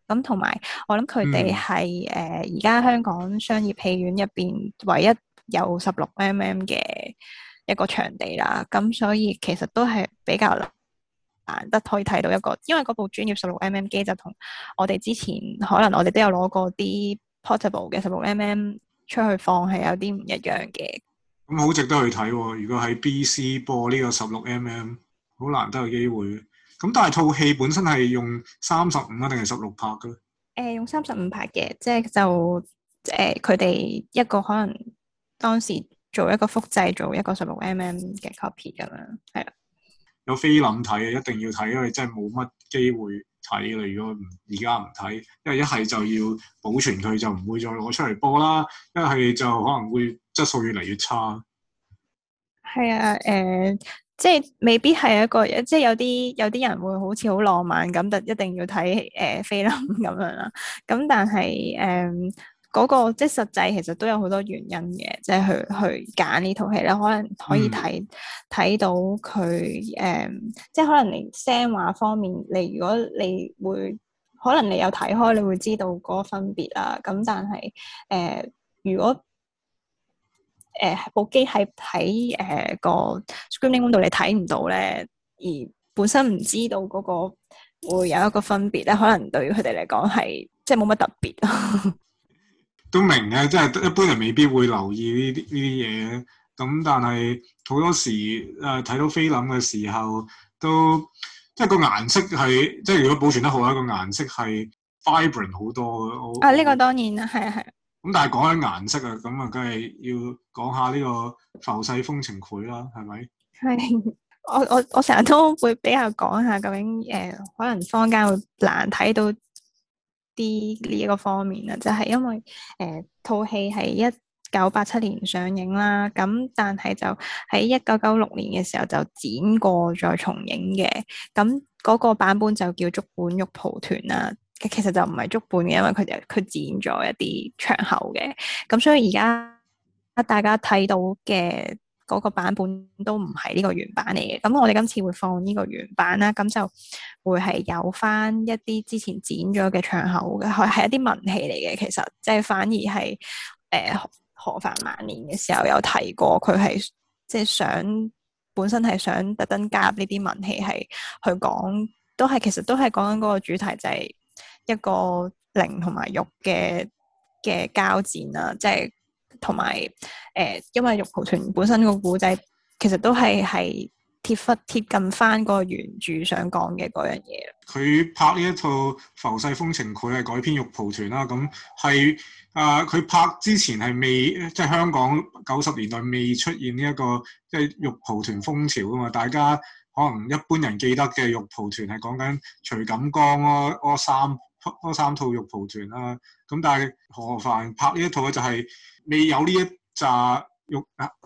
咁同埋我諗佢哋係誒而家香港商業戲院入邊唯一有十六 mm 嘅一個場地啦，咁所以其實都係比較難得可以睇到一個，因為嗰部專業十六 mm 機就同我哋之前可能我哋都有攞過啲 portable 嘅十六 mm 出去放，係有啲唔一樣嘅。咁好、嗯、值得去睇、啊，如果喺 B、C 播呢個十六 mm，好難得有機會。咁但係套戲本身係用三十五啊，定係十六拍㗎？誒，用三十五拍嘅，即係就誒，佢哋、呃、一個可能當時做一個複製，做一個十六 mm 嘅 copy 咁樣，係啦。有菲林睇啊，一定要睇，因為真係冇乜機會睇啦。如果唔而家唔睇，因為一係就要保存佢，就唔會再攞出嚟播啦；一係就可能會質素越嚟越差。係啊，誒、呃，即係未必係一個，即係有啲有啲人會好似好浪漫咁，就一定要睇誒、呃、菲林咁樣啦。咁但係誒。呃嗰、那個即係實際，其實都有好多原因嘅，即係去去揀呢套戲咧。可能可以睇睇到佢誒、嗯，即係可能你聲畫方面，你如果你會，可能你有睇開，你會知道嗰個分別喇。咁但係誒、呃，如果誒部、呃、機喺喺誒個 screening 度，你睇唔到咧，而本身唔知道嗰個會有一個分別咧，可能對佢哋嚟講係即係冇乜特別 都明嘅，即係一般人未必會留意呢啲呢啲嘢。咁但係好多時誒睇、呃、到菲林嘅時候，都即係個顏色係，即係如果保存得好一，個顏色係 vibrant 好多啊，呢個當然啦，係啊我，係的。咁但係講起顏色啊，咁啊，梗係要講下呢個浮世風情繪啦，係咪？係，我我我成日都會比較講下究竟誒、呃，可能坊間會難睇到。啲呢一個方面啦，就係、是、因為誒套戲係一九八七年上映啦，咁但係就喺一九九六年嘅時候就剪過再重映嘅，咁嗰、那個版本就叫足本玉蒲團啦，其實就唔係足本嘅，因為佢哋佢剪咗一啲場口嘅，咁所以而家大家睇到嘅。嗰個版本都唔係呢個原版嚟嘅，咁我哋今次會放呢個原版啦，咁就會係有返一啲之前剪咗嘅場口嘅，係一啲文戲嚟嘅。其實即係反而係誒《何藩晚年》嘅時候有提過，佢係即係想本身係想特登加入呢啲文戲，係去講都係其實都係講緊嗰個主題，就係一個靈同埋肉嘅嘅交戰啦，即係。就是同埋誒，因為玉蒲團本身個故仔其實都係係貼忽貼近返個原著想講嘅嗰樣嘢。佢拍呢一套《浮世風情》，佢係改編玉蒲團啦。咁係啊，佢、呃、拍之前係未即係、就是、香港九十年代未出現呢、這、一個即係玉蒲團風潮啊嘛。大家可能一般人記得嘅玉蒲團係講緊徐錦江嗰嗰三三套玉蒲團啦。咁但係何藩拍呢一套咧、就是，就係。未有呢一扎玉，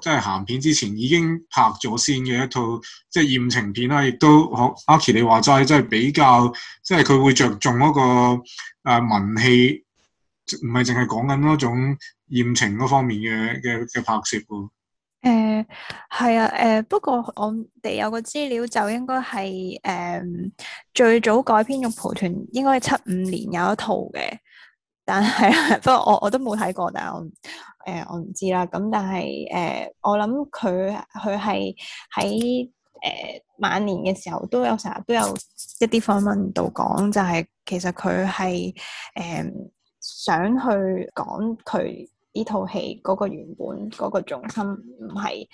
即係鹹片之前已經拍咗先嘅一套，即係艷情片啦，亦都阿 K 你話齋，真係比較，即係佢會着重嗰、那個、呃、文氣，唔係淨係講緊嗰種艷情嗰方面嘅嘅嘅拍攝咯。誒係、呃、啊，誒、呃、不過我哋有個資料就應該係誒、呃、最早改編玉蒲團，應該係七五年有一套嘅。但係，不過我我都冇睇過，但係我誒我唔知啦。咁但係誒，我諗佢佢係喺誒晚年嘅時候都有成日都有一啲訪問度講，就係、係、其實佢係誒想去講佢呢套戲嗰個原本嗰、嗰個重心，唔係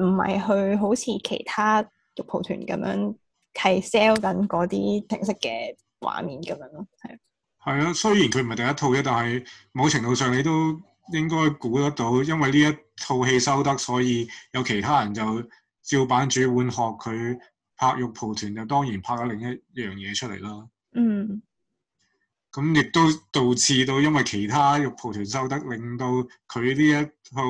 唔係去好似其他玉蒲團咁樣係 sell 緊嗰啲程式嘅畫面咁樣咯，係。係啊，雖然佢唔係第一套啫，但係某程度上你都應該估得到，因為呢一套戲收得，所以有其他人就照板煮碗學佢拍玉蒲團，就當然拍咗另一樣嘢出嚟啦。嗯，咁亦都導致到，因為其他玉蒲團收得，令到佢呢一套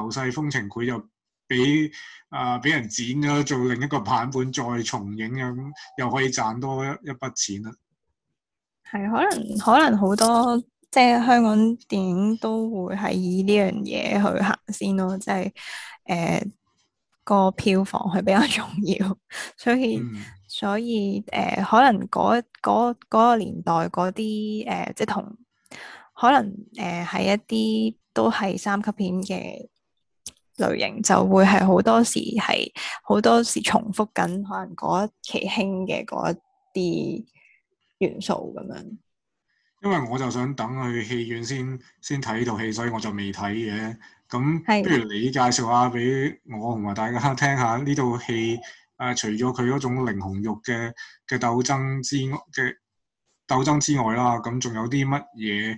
浮世風情繪，佢又俾啊俾人剪咗做另一個版本再重影啊，咁又可以賺多一一筆錢啦。係可能可能好多即係香港電影都會係以呢樣嘢去行先咯，即係誒、呃那個票房係比較重要，所以、嗯、所以誒、呃、可能嗰、嗰、嗰、個嗰個嗰個年代嗰啲誒即係同可能誒係、呃、一啲都係三級片嘅類型，就會係好多時係好多時重複緊可能嗰一期興嘅嗰啲。元素咁樣，因為我就想等去戲院先先睇呢套戲，所以我就未睇嘅。咁不如你介紹下俾我同埋大家聽下呢套戲。誒、呃，除咗佢嗰種靈紅肉嘅嘅鬥爭之嘅鬥爭之外啦，咁仲有啲乜嘢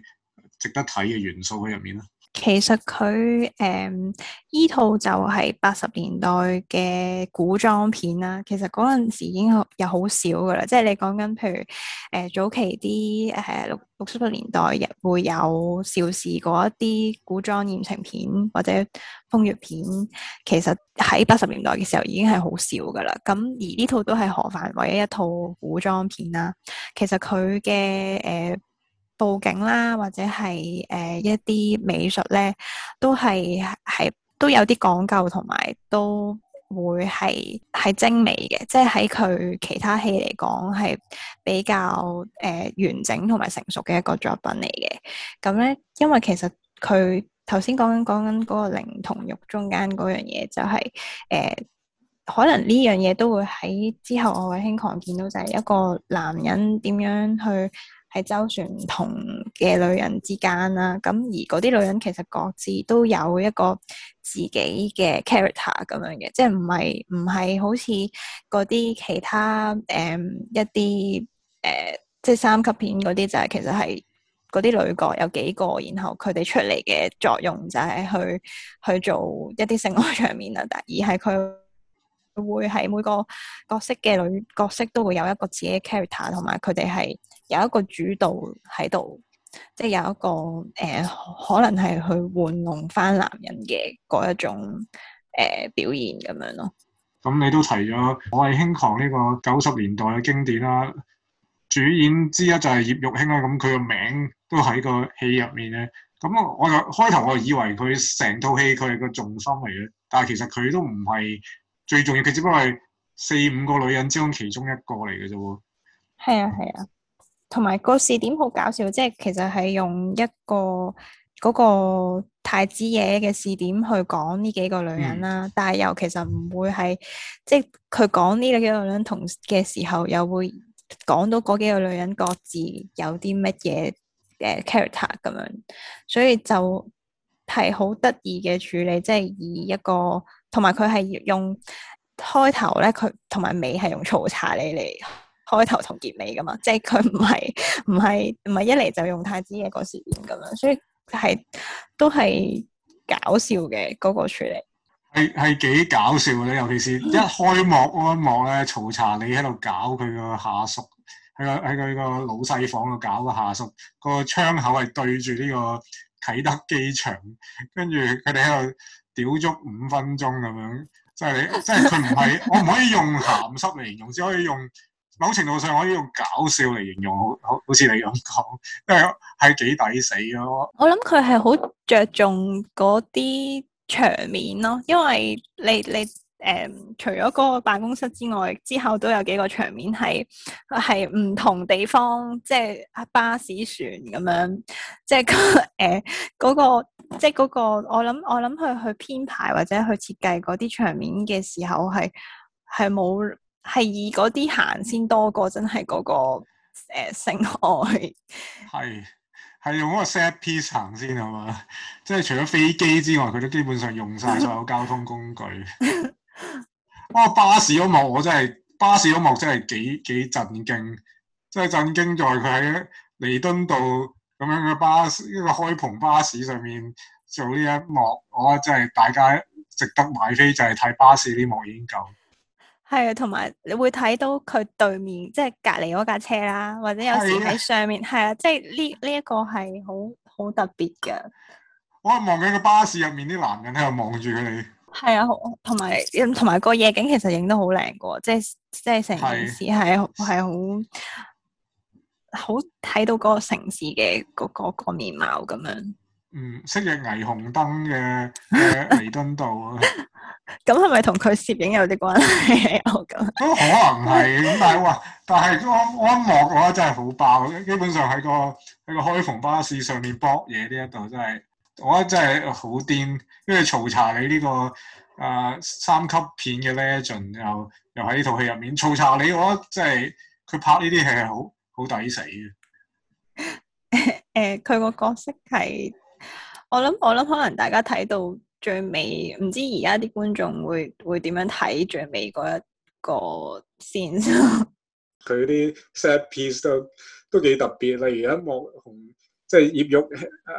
值得睇嘅元素喺入面咧？其實佢誒依套就係八十年代嘅古裝片啦。其實嗰陣時已經有好少噶啦，即係你講緊譬如誒、呃、早期啲誒六六七十年代亦會有邵氏嗰一啲古裝言情片或者風月片，其實喺八十年代嘅時候已經係好少噶啦。咁而呢套都係何範唯一一套古裝片啦。其實佢嘅誒。呃佈景啦、啊，或者係誒、呃、一啲美術咧，都係係都有啲講究，同埋都會係係精美嘅。即係喺佢其他戲嚟講，係比較誒、呃、完整同埋成熟嘅一個作品嚟嘅。咁、嗯、咧，因為其實佢頭先講緊講緊嗰個靈同肉中間嗰樣嘢，就是，就係誒可能呢樣嘢都會喺之後《我嘅輕狂》見到，就係一個男人點樣去。喺周旋唔同嘅女人之間啦，咁而嗰啲女人其實各自都有一個自己嘅 character 咁樣嘅，即係唔係唔係好似嗰啲其他誒、嗯、一啲誒、呃、即係三級片嗰啲就係、是、其實係嗰啲女角有幾個，然後佢哋出嚟嘅作用就係去去做一啲性愛場面啊，但而係佢會係每個角色嘅女角色都會有一個自己嘅 character，同埋佢哋係。有一個主導喺度，即係有一個誒、呃，可能係去玩弄翻男人嘅嗰一種誒、呃、表現咁樣咯。咁、嗯嗯、你都提咗《我愛輕狂》呢個九十年代嘅經典啦，主演之一就係葉玉卿啦。咁佢個名都喺個戲入面咧。咁我就開頭我以為佢成套戲佢係個重心嚟嘅，但係其實佢都唔係最重要，佢只不過係四五個女人之中其中一個嚟嘅啫喎。係啊，係啊。嗯。同埋個視點好搞笑，即係其實係用一個嗰個太子爺嘅視點去講呢幾個女人啦，嗯、但係又其實唔會係，即係佢講呢幾個女人同嘅時候，又會講到嗰幾個女人各自有啲乜嘢嘅 character 咁樣，所以就係好得意嘅處理，即係以一個同埋佢係用開頭咧，佢同埋尾係用嘈茶你嚟。開頭同結尾噶嘛，即係佢唔係唔係唔係一嚟就用太子爺個視點咁樣，所以係都係搞笑嘅嗰、嗰個處理，係係幾搞笑嘅，尤其是一開幕嗰、嗯、一幕咧，嘈查你喺度搞佢個下屬，喺個喺佢個老細房度搞個下屬，個窗口係對住呢個啟德機場，跟住佢哋喺度屌足五分鐘咁樣，即係你即係佢唔係， 我唔可以用鹹濕嚟形容，只可以用。某程度上，我可以用搞笑嚟形容好，好好好似你咁講，因為係幾抵死咯。我諗佢係好着重嗰啲場面咯，因為你你誒、呃，除咗嗰個辦公室之外，之後都有幾個場面係係唔同地方，即係巴士船咁樣，即係誒嗰個即係嗰個，我諗我諗佢去編排或者去設計嗰啲場面嘅時候，係係冇。係以嗰啲行先多過，真係嗰、那個誒性愛。係、呃、係用嗰個 set piece 先行先啊嘛！即係除咗飛機之外，佢都基本上用晒所有交通工具。嗰個、 哦、巴士一幕，我真係巴士一幕真係幾幾震驚！真係震驚在佢喺彌敦道咁樣嘅巴士一個開篷巴士上面做呢一幕，我覺得真係大家值得買飛就係睇巴士呢幕已經夠。係啊，同埋你會睇到佢對面，即係隔籬嗰架車啦，或者有時喺上面，係啊的，即係呢呢一個係好好特別嘅。我係望緊個巴士入面啲男人喺度望住你。哋。係啊，同埋同埋個夜景其實影得好靚噶，即係即係成件事係係好好睇到嗰個城市嘅嗰嗰個面貌咁樣。嗯，熄住霓虹燈嘅誒，彌敦道啊，咁係咪同佢攝影有啲關係？都可能係，咁 但係哇，但係安 安樂嘅話真係好爆，基本上喺個喺個開蓬巴士上面搏嘢呢一度真係，我,真這個呃、我覺得真係好癲，因為曹查理呢個誒三級片嘅 legend 又又喺呢套戲入面，曹查理，我覺得真係佢拍呢啲戲係好好抵死嘅。誒，佢個角色係。我諗我諗，可能大家睇到最尾，唔知而家啲觀眾會會點樣睇最尾嗰一個 scene？佢啲 set piece 都都幾特別，例如有莫紅，即係葉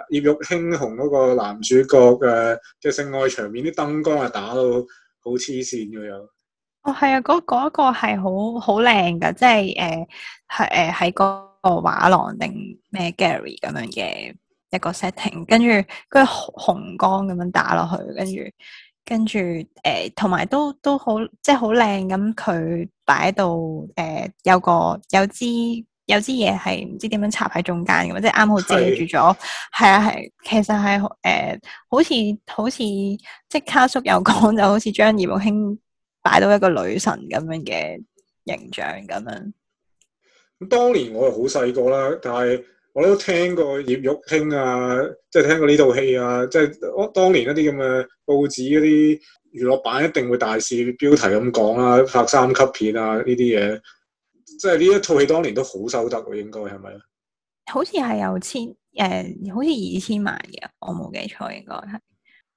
玉葉玉卿紅嗰個男主角嘅即性愛場面，啲燈光啊打到好黐線咁樣。哦，係啊，嗰嗰一個係好好靚噶，即係誒係誒喺嗰個畫廊定咩 Gary 咁樣嘅。一個 setting，跟住跟住紅光咁樣打落去，跟住跟住誒，同埋、呃、都都好，即係好靚咁。佢擺喺度，誒，有個有支有支嘢係唔知點樣插喺中間咁，即係啱好遮住咗。係是啊係，其實係誒、呃，好似好似即係卡叔有講，就好似將葉慕卿擺到一個女神咁樣嘅形象咁樣。咁當年我係好細個啦，但係。我都聽過葉玉卿啊，即係聽過呢套戲啊，即係當年嗰啲咁嘅報紙嗰啲娛樂版一定會大肆標題咁講啦，拍三級片啊呢啲嘢，即係呢一套戲當年都好收得喎，應該係咪、呃？好似係有千誒，好似二千萬嘅，我冇記錯應該係。係啊、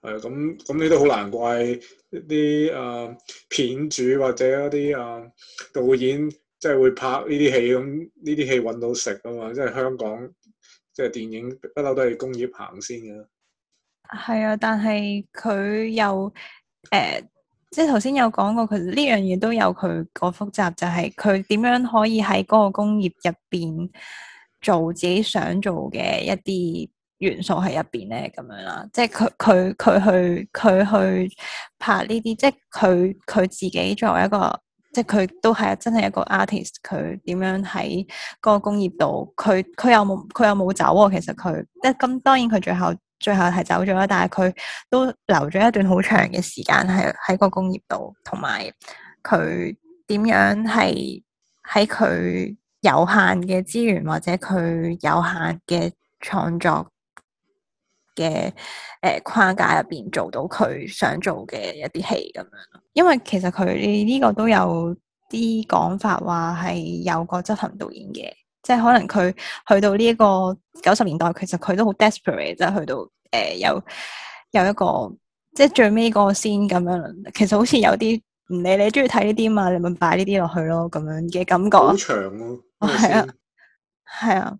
嗯，咁咁你都好難怪一啲啊、呃、片主或者一啲啊、呃、導演。即係會拍呢啲戲咁，呢啲戲搵到食啊嘛！即係香港，即係電影不嬲都係工業行先嘅。係啊，但係佢又誒、呃，即係頭先有講過，其實呢樣嘢都有佢個複雜，就係佢點樣可以喺嗰個工業入邊做自己想做嘅一啲元素喺入邊咧咁樣啦。即係佢佢佢去佢去拍呢啲，即係佢佢自己作為一個。即係佢都係真係一個 artist，佢點樣喺個工業度？佢佢又冇佢又冇走。其實佢即係咁，當然佢最後最後係走咗啦。但係佢都留咗一段好長嘅時間，係喺個工業度，同埋佢點樣係喺佢有限嘅資源或者佢有限嘅創作。嘅誒、呃、框架入邊做到佢想做嘅一啲戲咁樣。因為其實佢呢個都有啲講法話係有個執行導演嘅，即係可能佢去到呢一個九十年代，其實佢都好 desperate，即係去到誒、呃、有有一個即係最尾個先咁樣，其實好似有啲唔理你中意睇呢啲嘛，你咪擺呢啲落去咯，咁樣嘅感覺。咯，長咯、哦，係啊，係啊。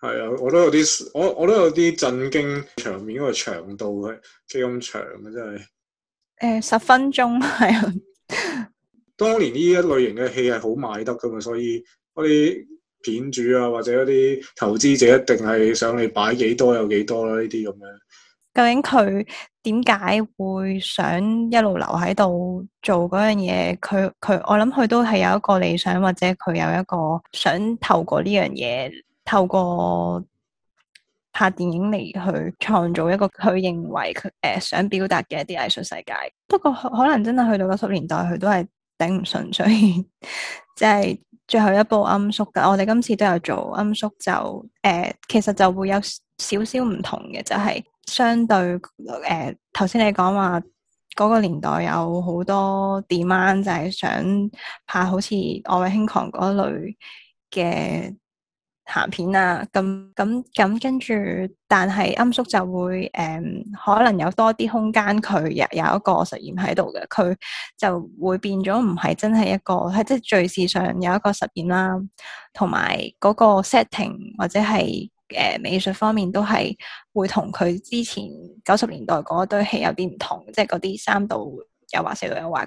係啊，我都有啲，我我都有啲震驚。場面嗰個長度係幾咁長啊，真係。誒、呃，十分鐘係。 當年呢一類型嘅戲係好賣得噶嘛，所以我啲片主啊，或者一啲投資者一定係想你擺幾多有幾多啦、啊，呢啲咁樣。究竟佢點解會想一路留喺度做嗰樣嘢？佢佢，我諗佢都係有一個理想，或者佢有一個想透過呢樣嘢。透過拍電影嚟，去創造一個佢認為佢誒、呃、想表達嘅一啲藝術世界。不過可能真係去到九十年代，佢都係頂唔順，所以即係最後一部暗叔噶。我哋今次都有做暗叔，就誒、呃、其實就會有少少唔同嘅，就係、是、相對誒頭先你講話嗰、那個年代有好多 demand 就係想拍好似《我嘅輕狂》嗰類嘅。鹹片啊，咁咁咁跟住，但係庵叔就會誒、嗯，可能有多啲空間，佢有有一個實驗喺度嘅，佢就會變咗唔係真係一個，係即係敘事上有一個實驗啦，同埋嗰個 setting 或者係誒、呃、美術方面都係會同佢之前九十年代嗰堆戲有啲唔同，即係嗰啲三度又話四度又話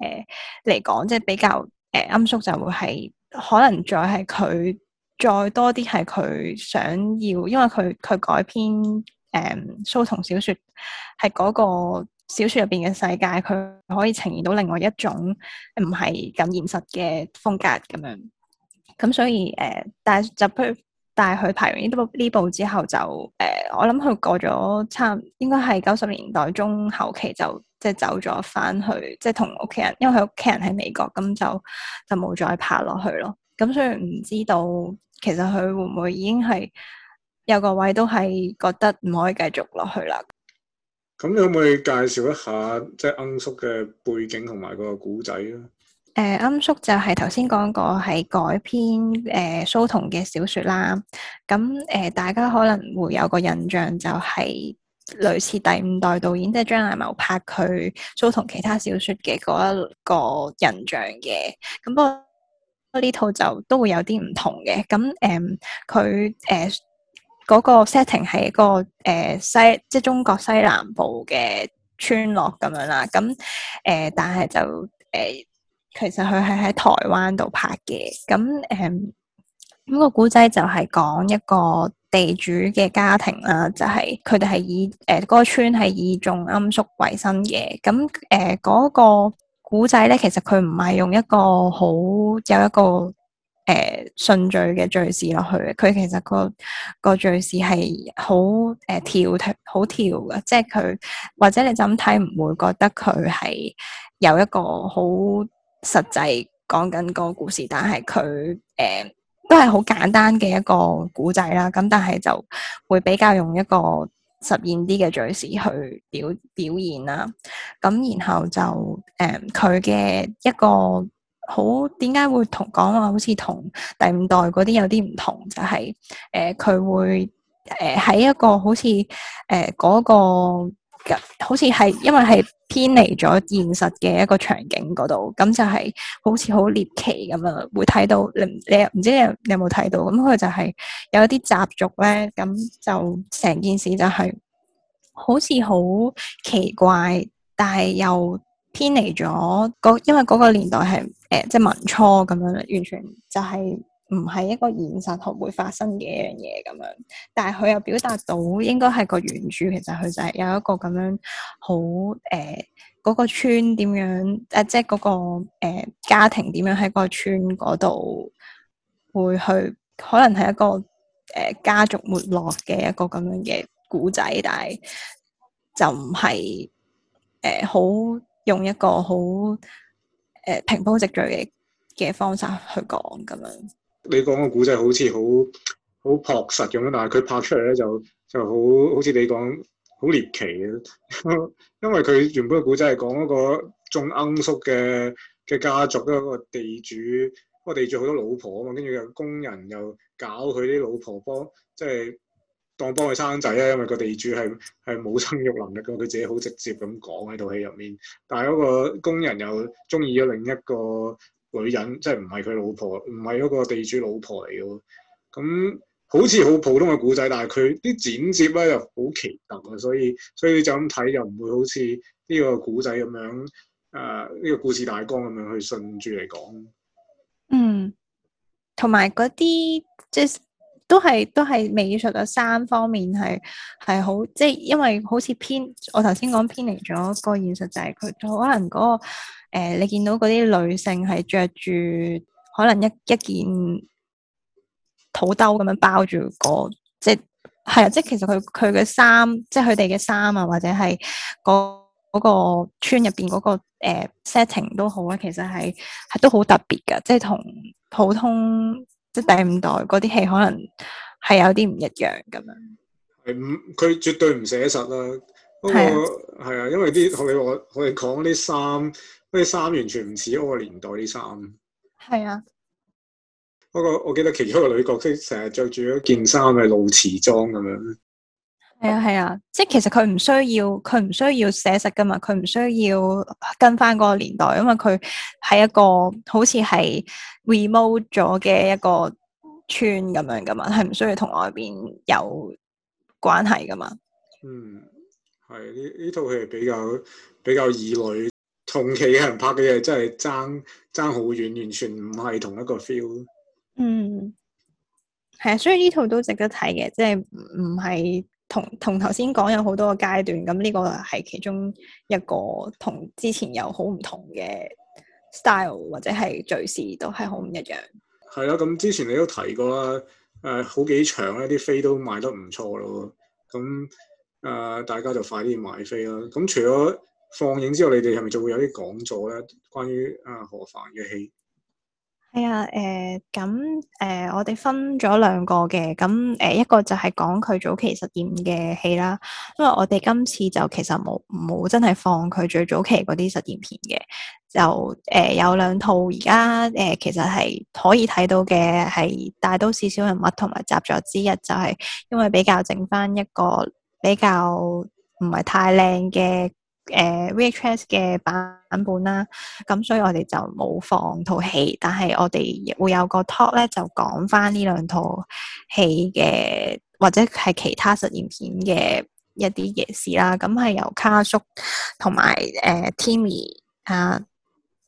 誒嚟講，即、就、係、是、比較誒、呃、庵叔就會係可能再係佢。再多啲係佢想要，因為佢佢改編誒蘇童小説，係嗰個小説入邊嘅世界，佢可以呈現到另外一種唔係咁現實嘅風格咁樣。咁所以誒，但、呃、係就譬如，但佢拍完呢部呢部之後就，就、呃、誒，我諗佢過咗差唔多應該係九十年代中後期就即係、就是、走咗翻去，即係同屋企人，因為佢屋企人喺美國，咁就就冇再拍落去咯。咁所以唔知道。其實佢會唔會已經係有個位都係覺得唔可以繼續落去啦？咁你可唔可以介紹一下即係恩叔嘅背景同埋個古仔咧？誒、呃，恩叔就係頭先講過係改編誒、呃、蘇童嘅小説啦。咁誒、呃，大家可能會有個印象就係類似第五代導演即係張藝謀拍佢蘇童其他小説嘅嗰一個印象嘅。咁不過。呢套就都會有啲唔同嘅，咁誒佢誒嗰個 setting 係一個誒西，即係中國西南部嘅村落咁樣啦。咁誒，但係就誒，其實佢係喺台灣度拍嘅。咁誒，咁個古仔就係講一個地主嘅家庭啦，就係佢哋係以誒嗰個村係以種罌粟為生嘅。咁誒嗰個。古仔咧，其實佢唔係用一個好有一個誒，呃，順序嘅敘事落去，佢其實個個敘事係好誒跳好跳嘅，即係佢或者你怎睇唔會覺得佢係有一個好實際講緊個故事，但係佢誒都係好簡單嘅一個古仔啦。咁但係就會比較用一個。實現啲嘅敘事去表表現啦，咁、嗯、然後就誒佢嘅一個好點解會同講話好似同第五代嗰啲有啲唔同，就係誒佢會誒喺、呃、一個好似誒嗰個。好似係因為係偏離咗現實嘅一個場景嗰度，咁就係好似好獵奇咁啊！會睇到你你唔知你有冇睇到？咁佢就係有一啲習俗咧，咁就成件事就係好似好奇怪，但係又偏離咗嗰因為嗰個年代係誒即係民初咁樣，完全就係、是。唔係一個現實會發生嘅一樣嘢咁樣，但係佢又表達到應該係個原著其實佢就係有一個咁樣好誒嗰、呃那個村點樣誒，即係嗰個、呃、家庭點樣喺個村嗰度會去，可能係一個誒、呃、家族沒落嘅一個咁樣嘅古仔，但係就唔係誒好用一個好誒、呃、平鋪直敍嘅嘅方式去講咁樣。你講個古仔好似好好樸實咁樣，但係佢拍出嚟咧就就好好似你講好獵奇嘅。 因為佢原本個古仔係講一個種罌粟嘅嘅家族，一個地主，個地主好多老婆啊嘛，跟住、就是、個，個工人又搞佢啲老婆幫，即係當幫佢生仔啊。因為個地主係係冇生育能力嘅，佢自己好直接咁講喺套戲入面。但係嗰個工人又中意咗另一個。女人即係唔係佢老婆，唔係嗰個地主老婆嚟嘅，咁好似好普通嘅古仔，但係佢啲剪接咧又好奇特啊，所以所以就咁睇又唔會好似呢個古仔咁樣，誒、呃、呢、呢個故事大綱咁樣去順住嚟講。嗯，同埋嗰啲即。即係都係都係美術嘅三方面係係好即係，因為好似偏我頭先講偏離咗個現實，就係、係、佢可能嗰、個、呃、你見到嗰啲女性係着住可能一一件土兜咁樣包住個即係啊！即係其實佢佢嘅衫，即係佢哋嘅衫啊，或者係個嗰個村入邊嗰個 setting、呃、都好啊，其實係係都好特別嘅，即係同普通。第五代嗰啲戲可能係有啲唔一樣咁樣，係唔佢絕對唔寫實啦。係啊，係啊，因為啲我哋我哋講啲衫，啲衫完全唔似嗰個年代啲衫。係啊，不過我記得其中一個女角色成日着住一件衫係露臍裝咁樣。係啊，係啊，即係其實佢唔需要，佢唔需要寫實噶嘛，佢唔需要跟翻嗰個年代，因為佢係一個好似係 remove 咗嘅一個村咁樣噶嘛，係唔需要同外邊有關係噶嘛。嗯，係，呢呢套戲係比較比較異類，同期嘅人拍嘅嘢真係爭爭好遠，完全唔係同一個 feel。嗯，係啊，所以呢套都值得睇嘅，即係唔係。同同頭先講有好多個階段，咁呢個係其中一個，同之前有好唔同嘅 style 或者係敘事都係好唔一樣。係啦，咁之前你都提過啦，誒，好幾場咧啲飛都賣得唔錯咯，咁誒、呃、大家就快啲買飛啦。咁除咗放映之後，你哋係咪就會有啲講座咧？關於啊何凡嘅戲。係啊，誒，咁、呃、誒、呃，我哋分咗兩個嘅。咁誒、呃，一個就係講佢早期實驗嘅戲啦，因為我哋今次就其實冇冇真係放佢最早期嗰啲實驗片嘅，就誒、呃、有兩套而家誒其實係可以睇到嘅係《大都市小人物》同埋《習作之一》，就係、是、因為比較整翻一個比較唔係太靚嘅。誒 VHS 嘅版版本啦，咁所以我哋就冇放套戲，但係我哋會有個 talk 咧，就講翻呢兩套戲嘅或者係其他實驗片嘅一啲嘢事啦。咁係由卡叔同埋誒 Timmy 啊，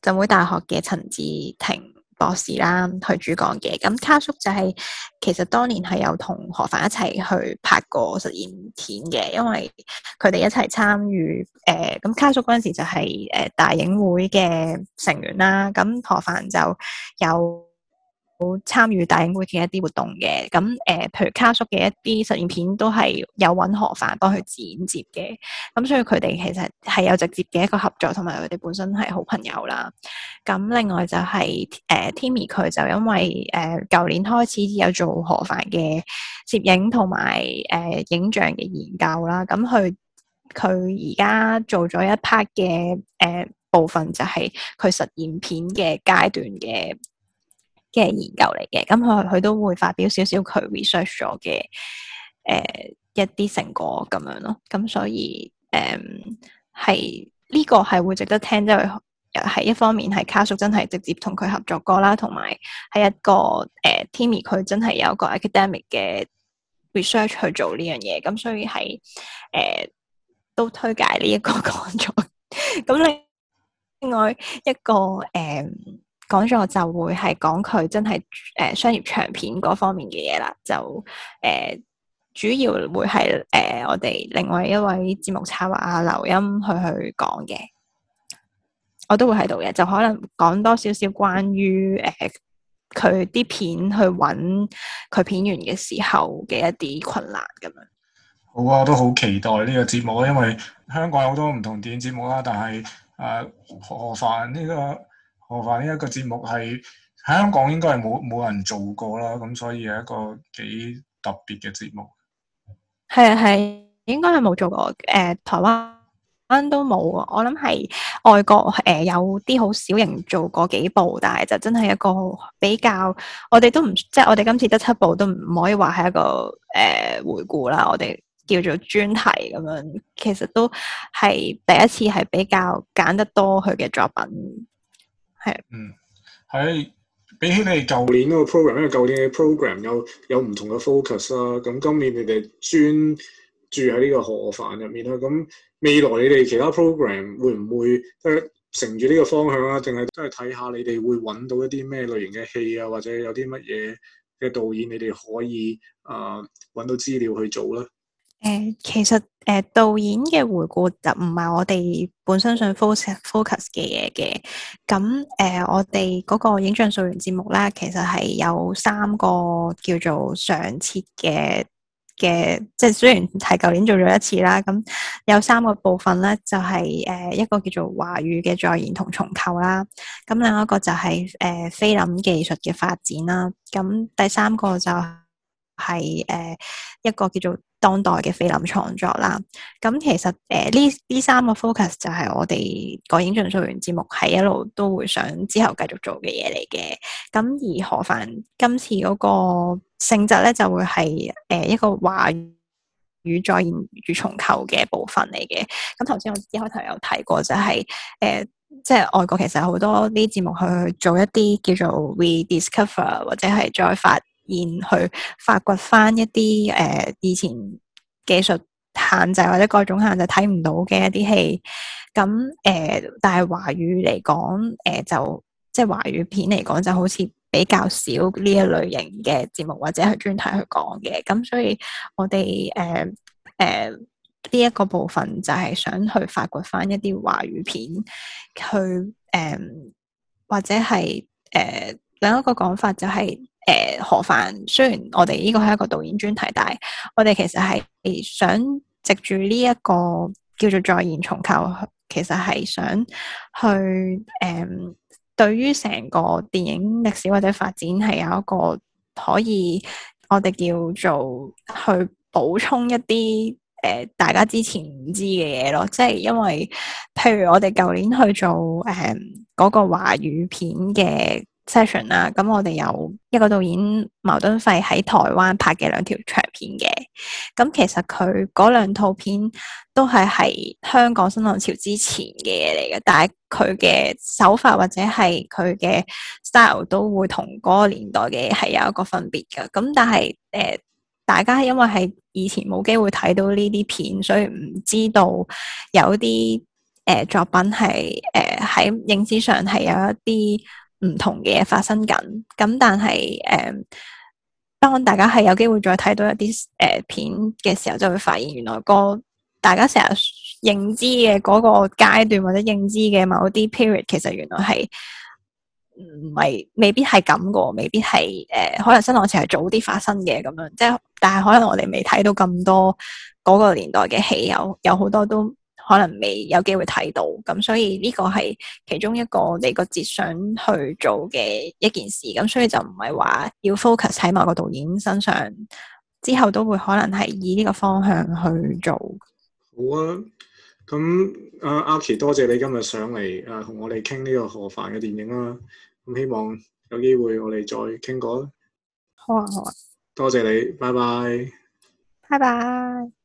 浸會大學嘅陳志婷博士啦，去主講嘅。咁卡叔就係、是、其實當年係有同何凡一齊去拍過實驗片嘅，因為佢哋一齊參與誒。咁、呃、卡叔嗰陣時就係、是、誒、呃、大影會嘅成員啦。咁何凡就有。有參與大影會嘅一啲活動嘅，咁誒、呃，譬如卡叔嘅一啲實驗片都係有揾何凡幫佢剪接嘅，咁所以佢哋其實係有直接嘅一個合作，同埋佢哋本身係好朋友啦。咁另外就係誒 Timmy，佢就因為誒呃、舊年開始有做何凡嘅攝影同埋誒影像嘅研究啦，咁佢佢而家做咗一 part 嘅誒部分就係佢實驗片嘅階段嘅。嘅研究嚟嘅，咁佢佢都會發表少少佢 research 咗嘅，誒、呃、一啲成果咁樣咯。咁所以誒係呢個係會值得聽，即係又一方面係卡叔真係直接同佢合作過啦，同埋係一個誒 Timmy 佢真係有一個 academic 嘅 research 去做呢樣嘢。咁、嗯、所以係誒、呃、都推介呢一個講座。咁 另另外一個誒、呃講咗我就會係講佢真係誒商業長片嗰方面嘅嘢啦，就誒、呃、主要會係誒、呃、我哋另外一位節目策劃阿劉音去去講嘅，我都會喺度嘅，就可能講多少少關於誒佢啲片去揾佢片源嘅時候嘅一啲困難咁樣。好啊，我都好期待呢個節目，因為香港有好多唔同電影節目啦，但係誒、呃、何凡呢、呢個。我發呢一個節目係香港應該係冇冇人做過啦，咁所以係一個幾特別嘅節目。係啊係，應該係冇做過。誒、呃，台灣都冇。我諗係外國誒、呃、有啲好小型做過幾部，但係就真係一個比較。我哋都唔，即係我哋今次得七部都唔可以話係一個誒、呃、回顧啦。我哋叫做專題咁樣，其實都係第一次係比較揀得多佢嘅作品。係，嗯，喺比起你哋舊年嗰個 program，因為舊年嘅 program 有有唔同嘅 focus 啦，咁今年你哋專注喺呢個河范入面啦，咁未來你哋其他 program 會唔會誒乘住呢個方向啊？定係都係睇下你哋會揾到一啲咩類型嘅戲啊，或者有啲乜嘢嘅導演你哋可以啊呃、揾到資料去做咧？誒、呃，其實誒、呃、導演嘅回顧就唔係我哋本身想 focus focus 嘅嘢嘅。咁誒、呃，我哋嗰個影像素源節目咧，其實係有三個叫做上設嘅嘅，即係雖然係舊年做咗一次啦。咁有三個部分咧，就係、是、誒一個叫做華語嘅再現同重構啦。咁另外一個就係誒菲林技術嘅發展啦。咁第三個就係、是、誒、呃、一個叫做。當代嘅菲林創作啦，咁其實誒呢呢三個 focus 就係我哋《個影盡溯源》節目係一路都會想之後繼續做嘅嘢嚟嘅。咁而何凡今次嗰個性質咧，就會係誒一個話語再現與重構嘅部分嚟嘅。咁頭先我一開頭有提過，就係呃，就係誒即係外國其實好多啲節目去做一啲叫做 rediscover 或者係再發。然去發掘翻一啲誒、呃、以前技術限制或者各種限制睇唔到嘅一啲戲，咁誒、呃，但係華語嚟講，誒、呃、就即係華語片嚟講，就好似比較少呢一類型嘅節目或者係專題去講嘅，咁所以我哋誒誒呢一個部分就係想去發掘翻一啲華語片去誒、呃，或者係誒另一個講法就係、是。誒、呃、何凡，雖然我哋呢個係一個導演專題，但係我哋其實係想藉住呢一個叫做再現重構，其實係想去誒、嗯，對於成個電影歷史或者發展係有一個可以我哋叫做去補充一啲誒、呃、大家之前唔知嘅嘢咯。即係因為譬如我哋舊年去做誒嗰、嗯那個華語片嘅 session 啦，咁我哋有一個導演牟敦芾喺台灣拍嘅兩條長片嘅，咁其實佢嗰兩套片都係喺香港新浪潮之前嘅嘢嚟嘅，但係佢嘅手法或者係佢嘅 style 都會同嗰個年代嘅係有一個分別嘅，咁但係誒、呃、大家因為係以前冇機會睇到呢啲片，所以唔知道有啲誒、呃、作品係誒喺影史上係有一啲唔同嘅嘢發生緊，咁但係誒、呃，當大家係有機會再睇到一啲誒、呃、片嘅時候，就會發現原來、那個大家成日認知嘅嗰個階段或者認知嘅某啲 period，其實原來係唔係未必係咁個，未必係誒、呃、可能新浪潮係早啲發生嘅咁樣，即係但係可能我哋未睇到咁多嗰個年代嘅戲，有有好多都。可能未有機會睇到，咁所以呢個係其中一個我哋個節想去做嘅一件事，咁所以就唔係話要 focus 喺某個導演身上，之後都會可能係以呢個方向去做。好啊，咁阿、啊、阿奇，多謝你今日上嚟誒，同、啊、我哋傾呢個何凡嘅電影啦。咁希望有機會我哋再傾過啦。好啊，好啊，多謝你，拜拜。拜拜。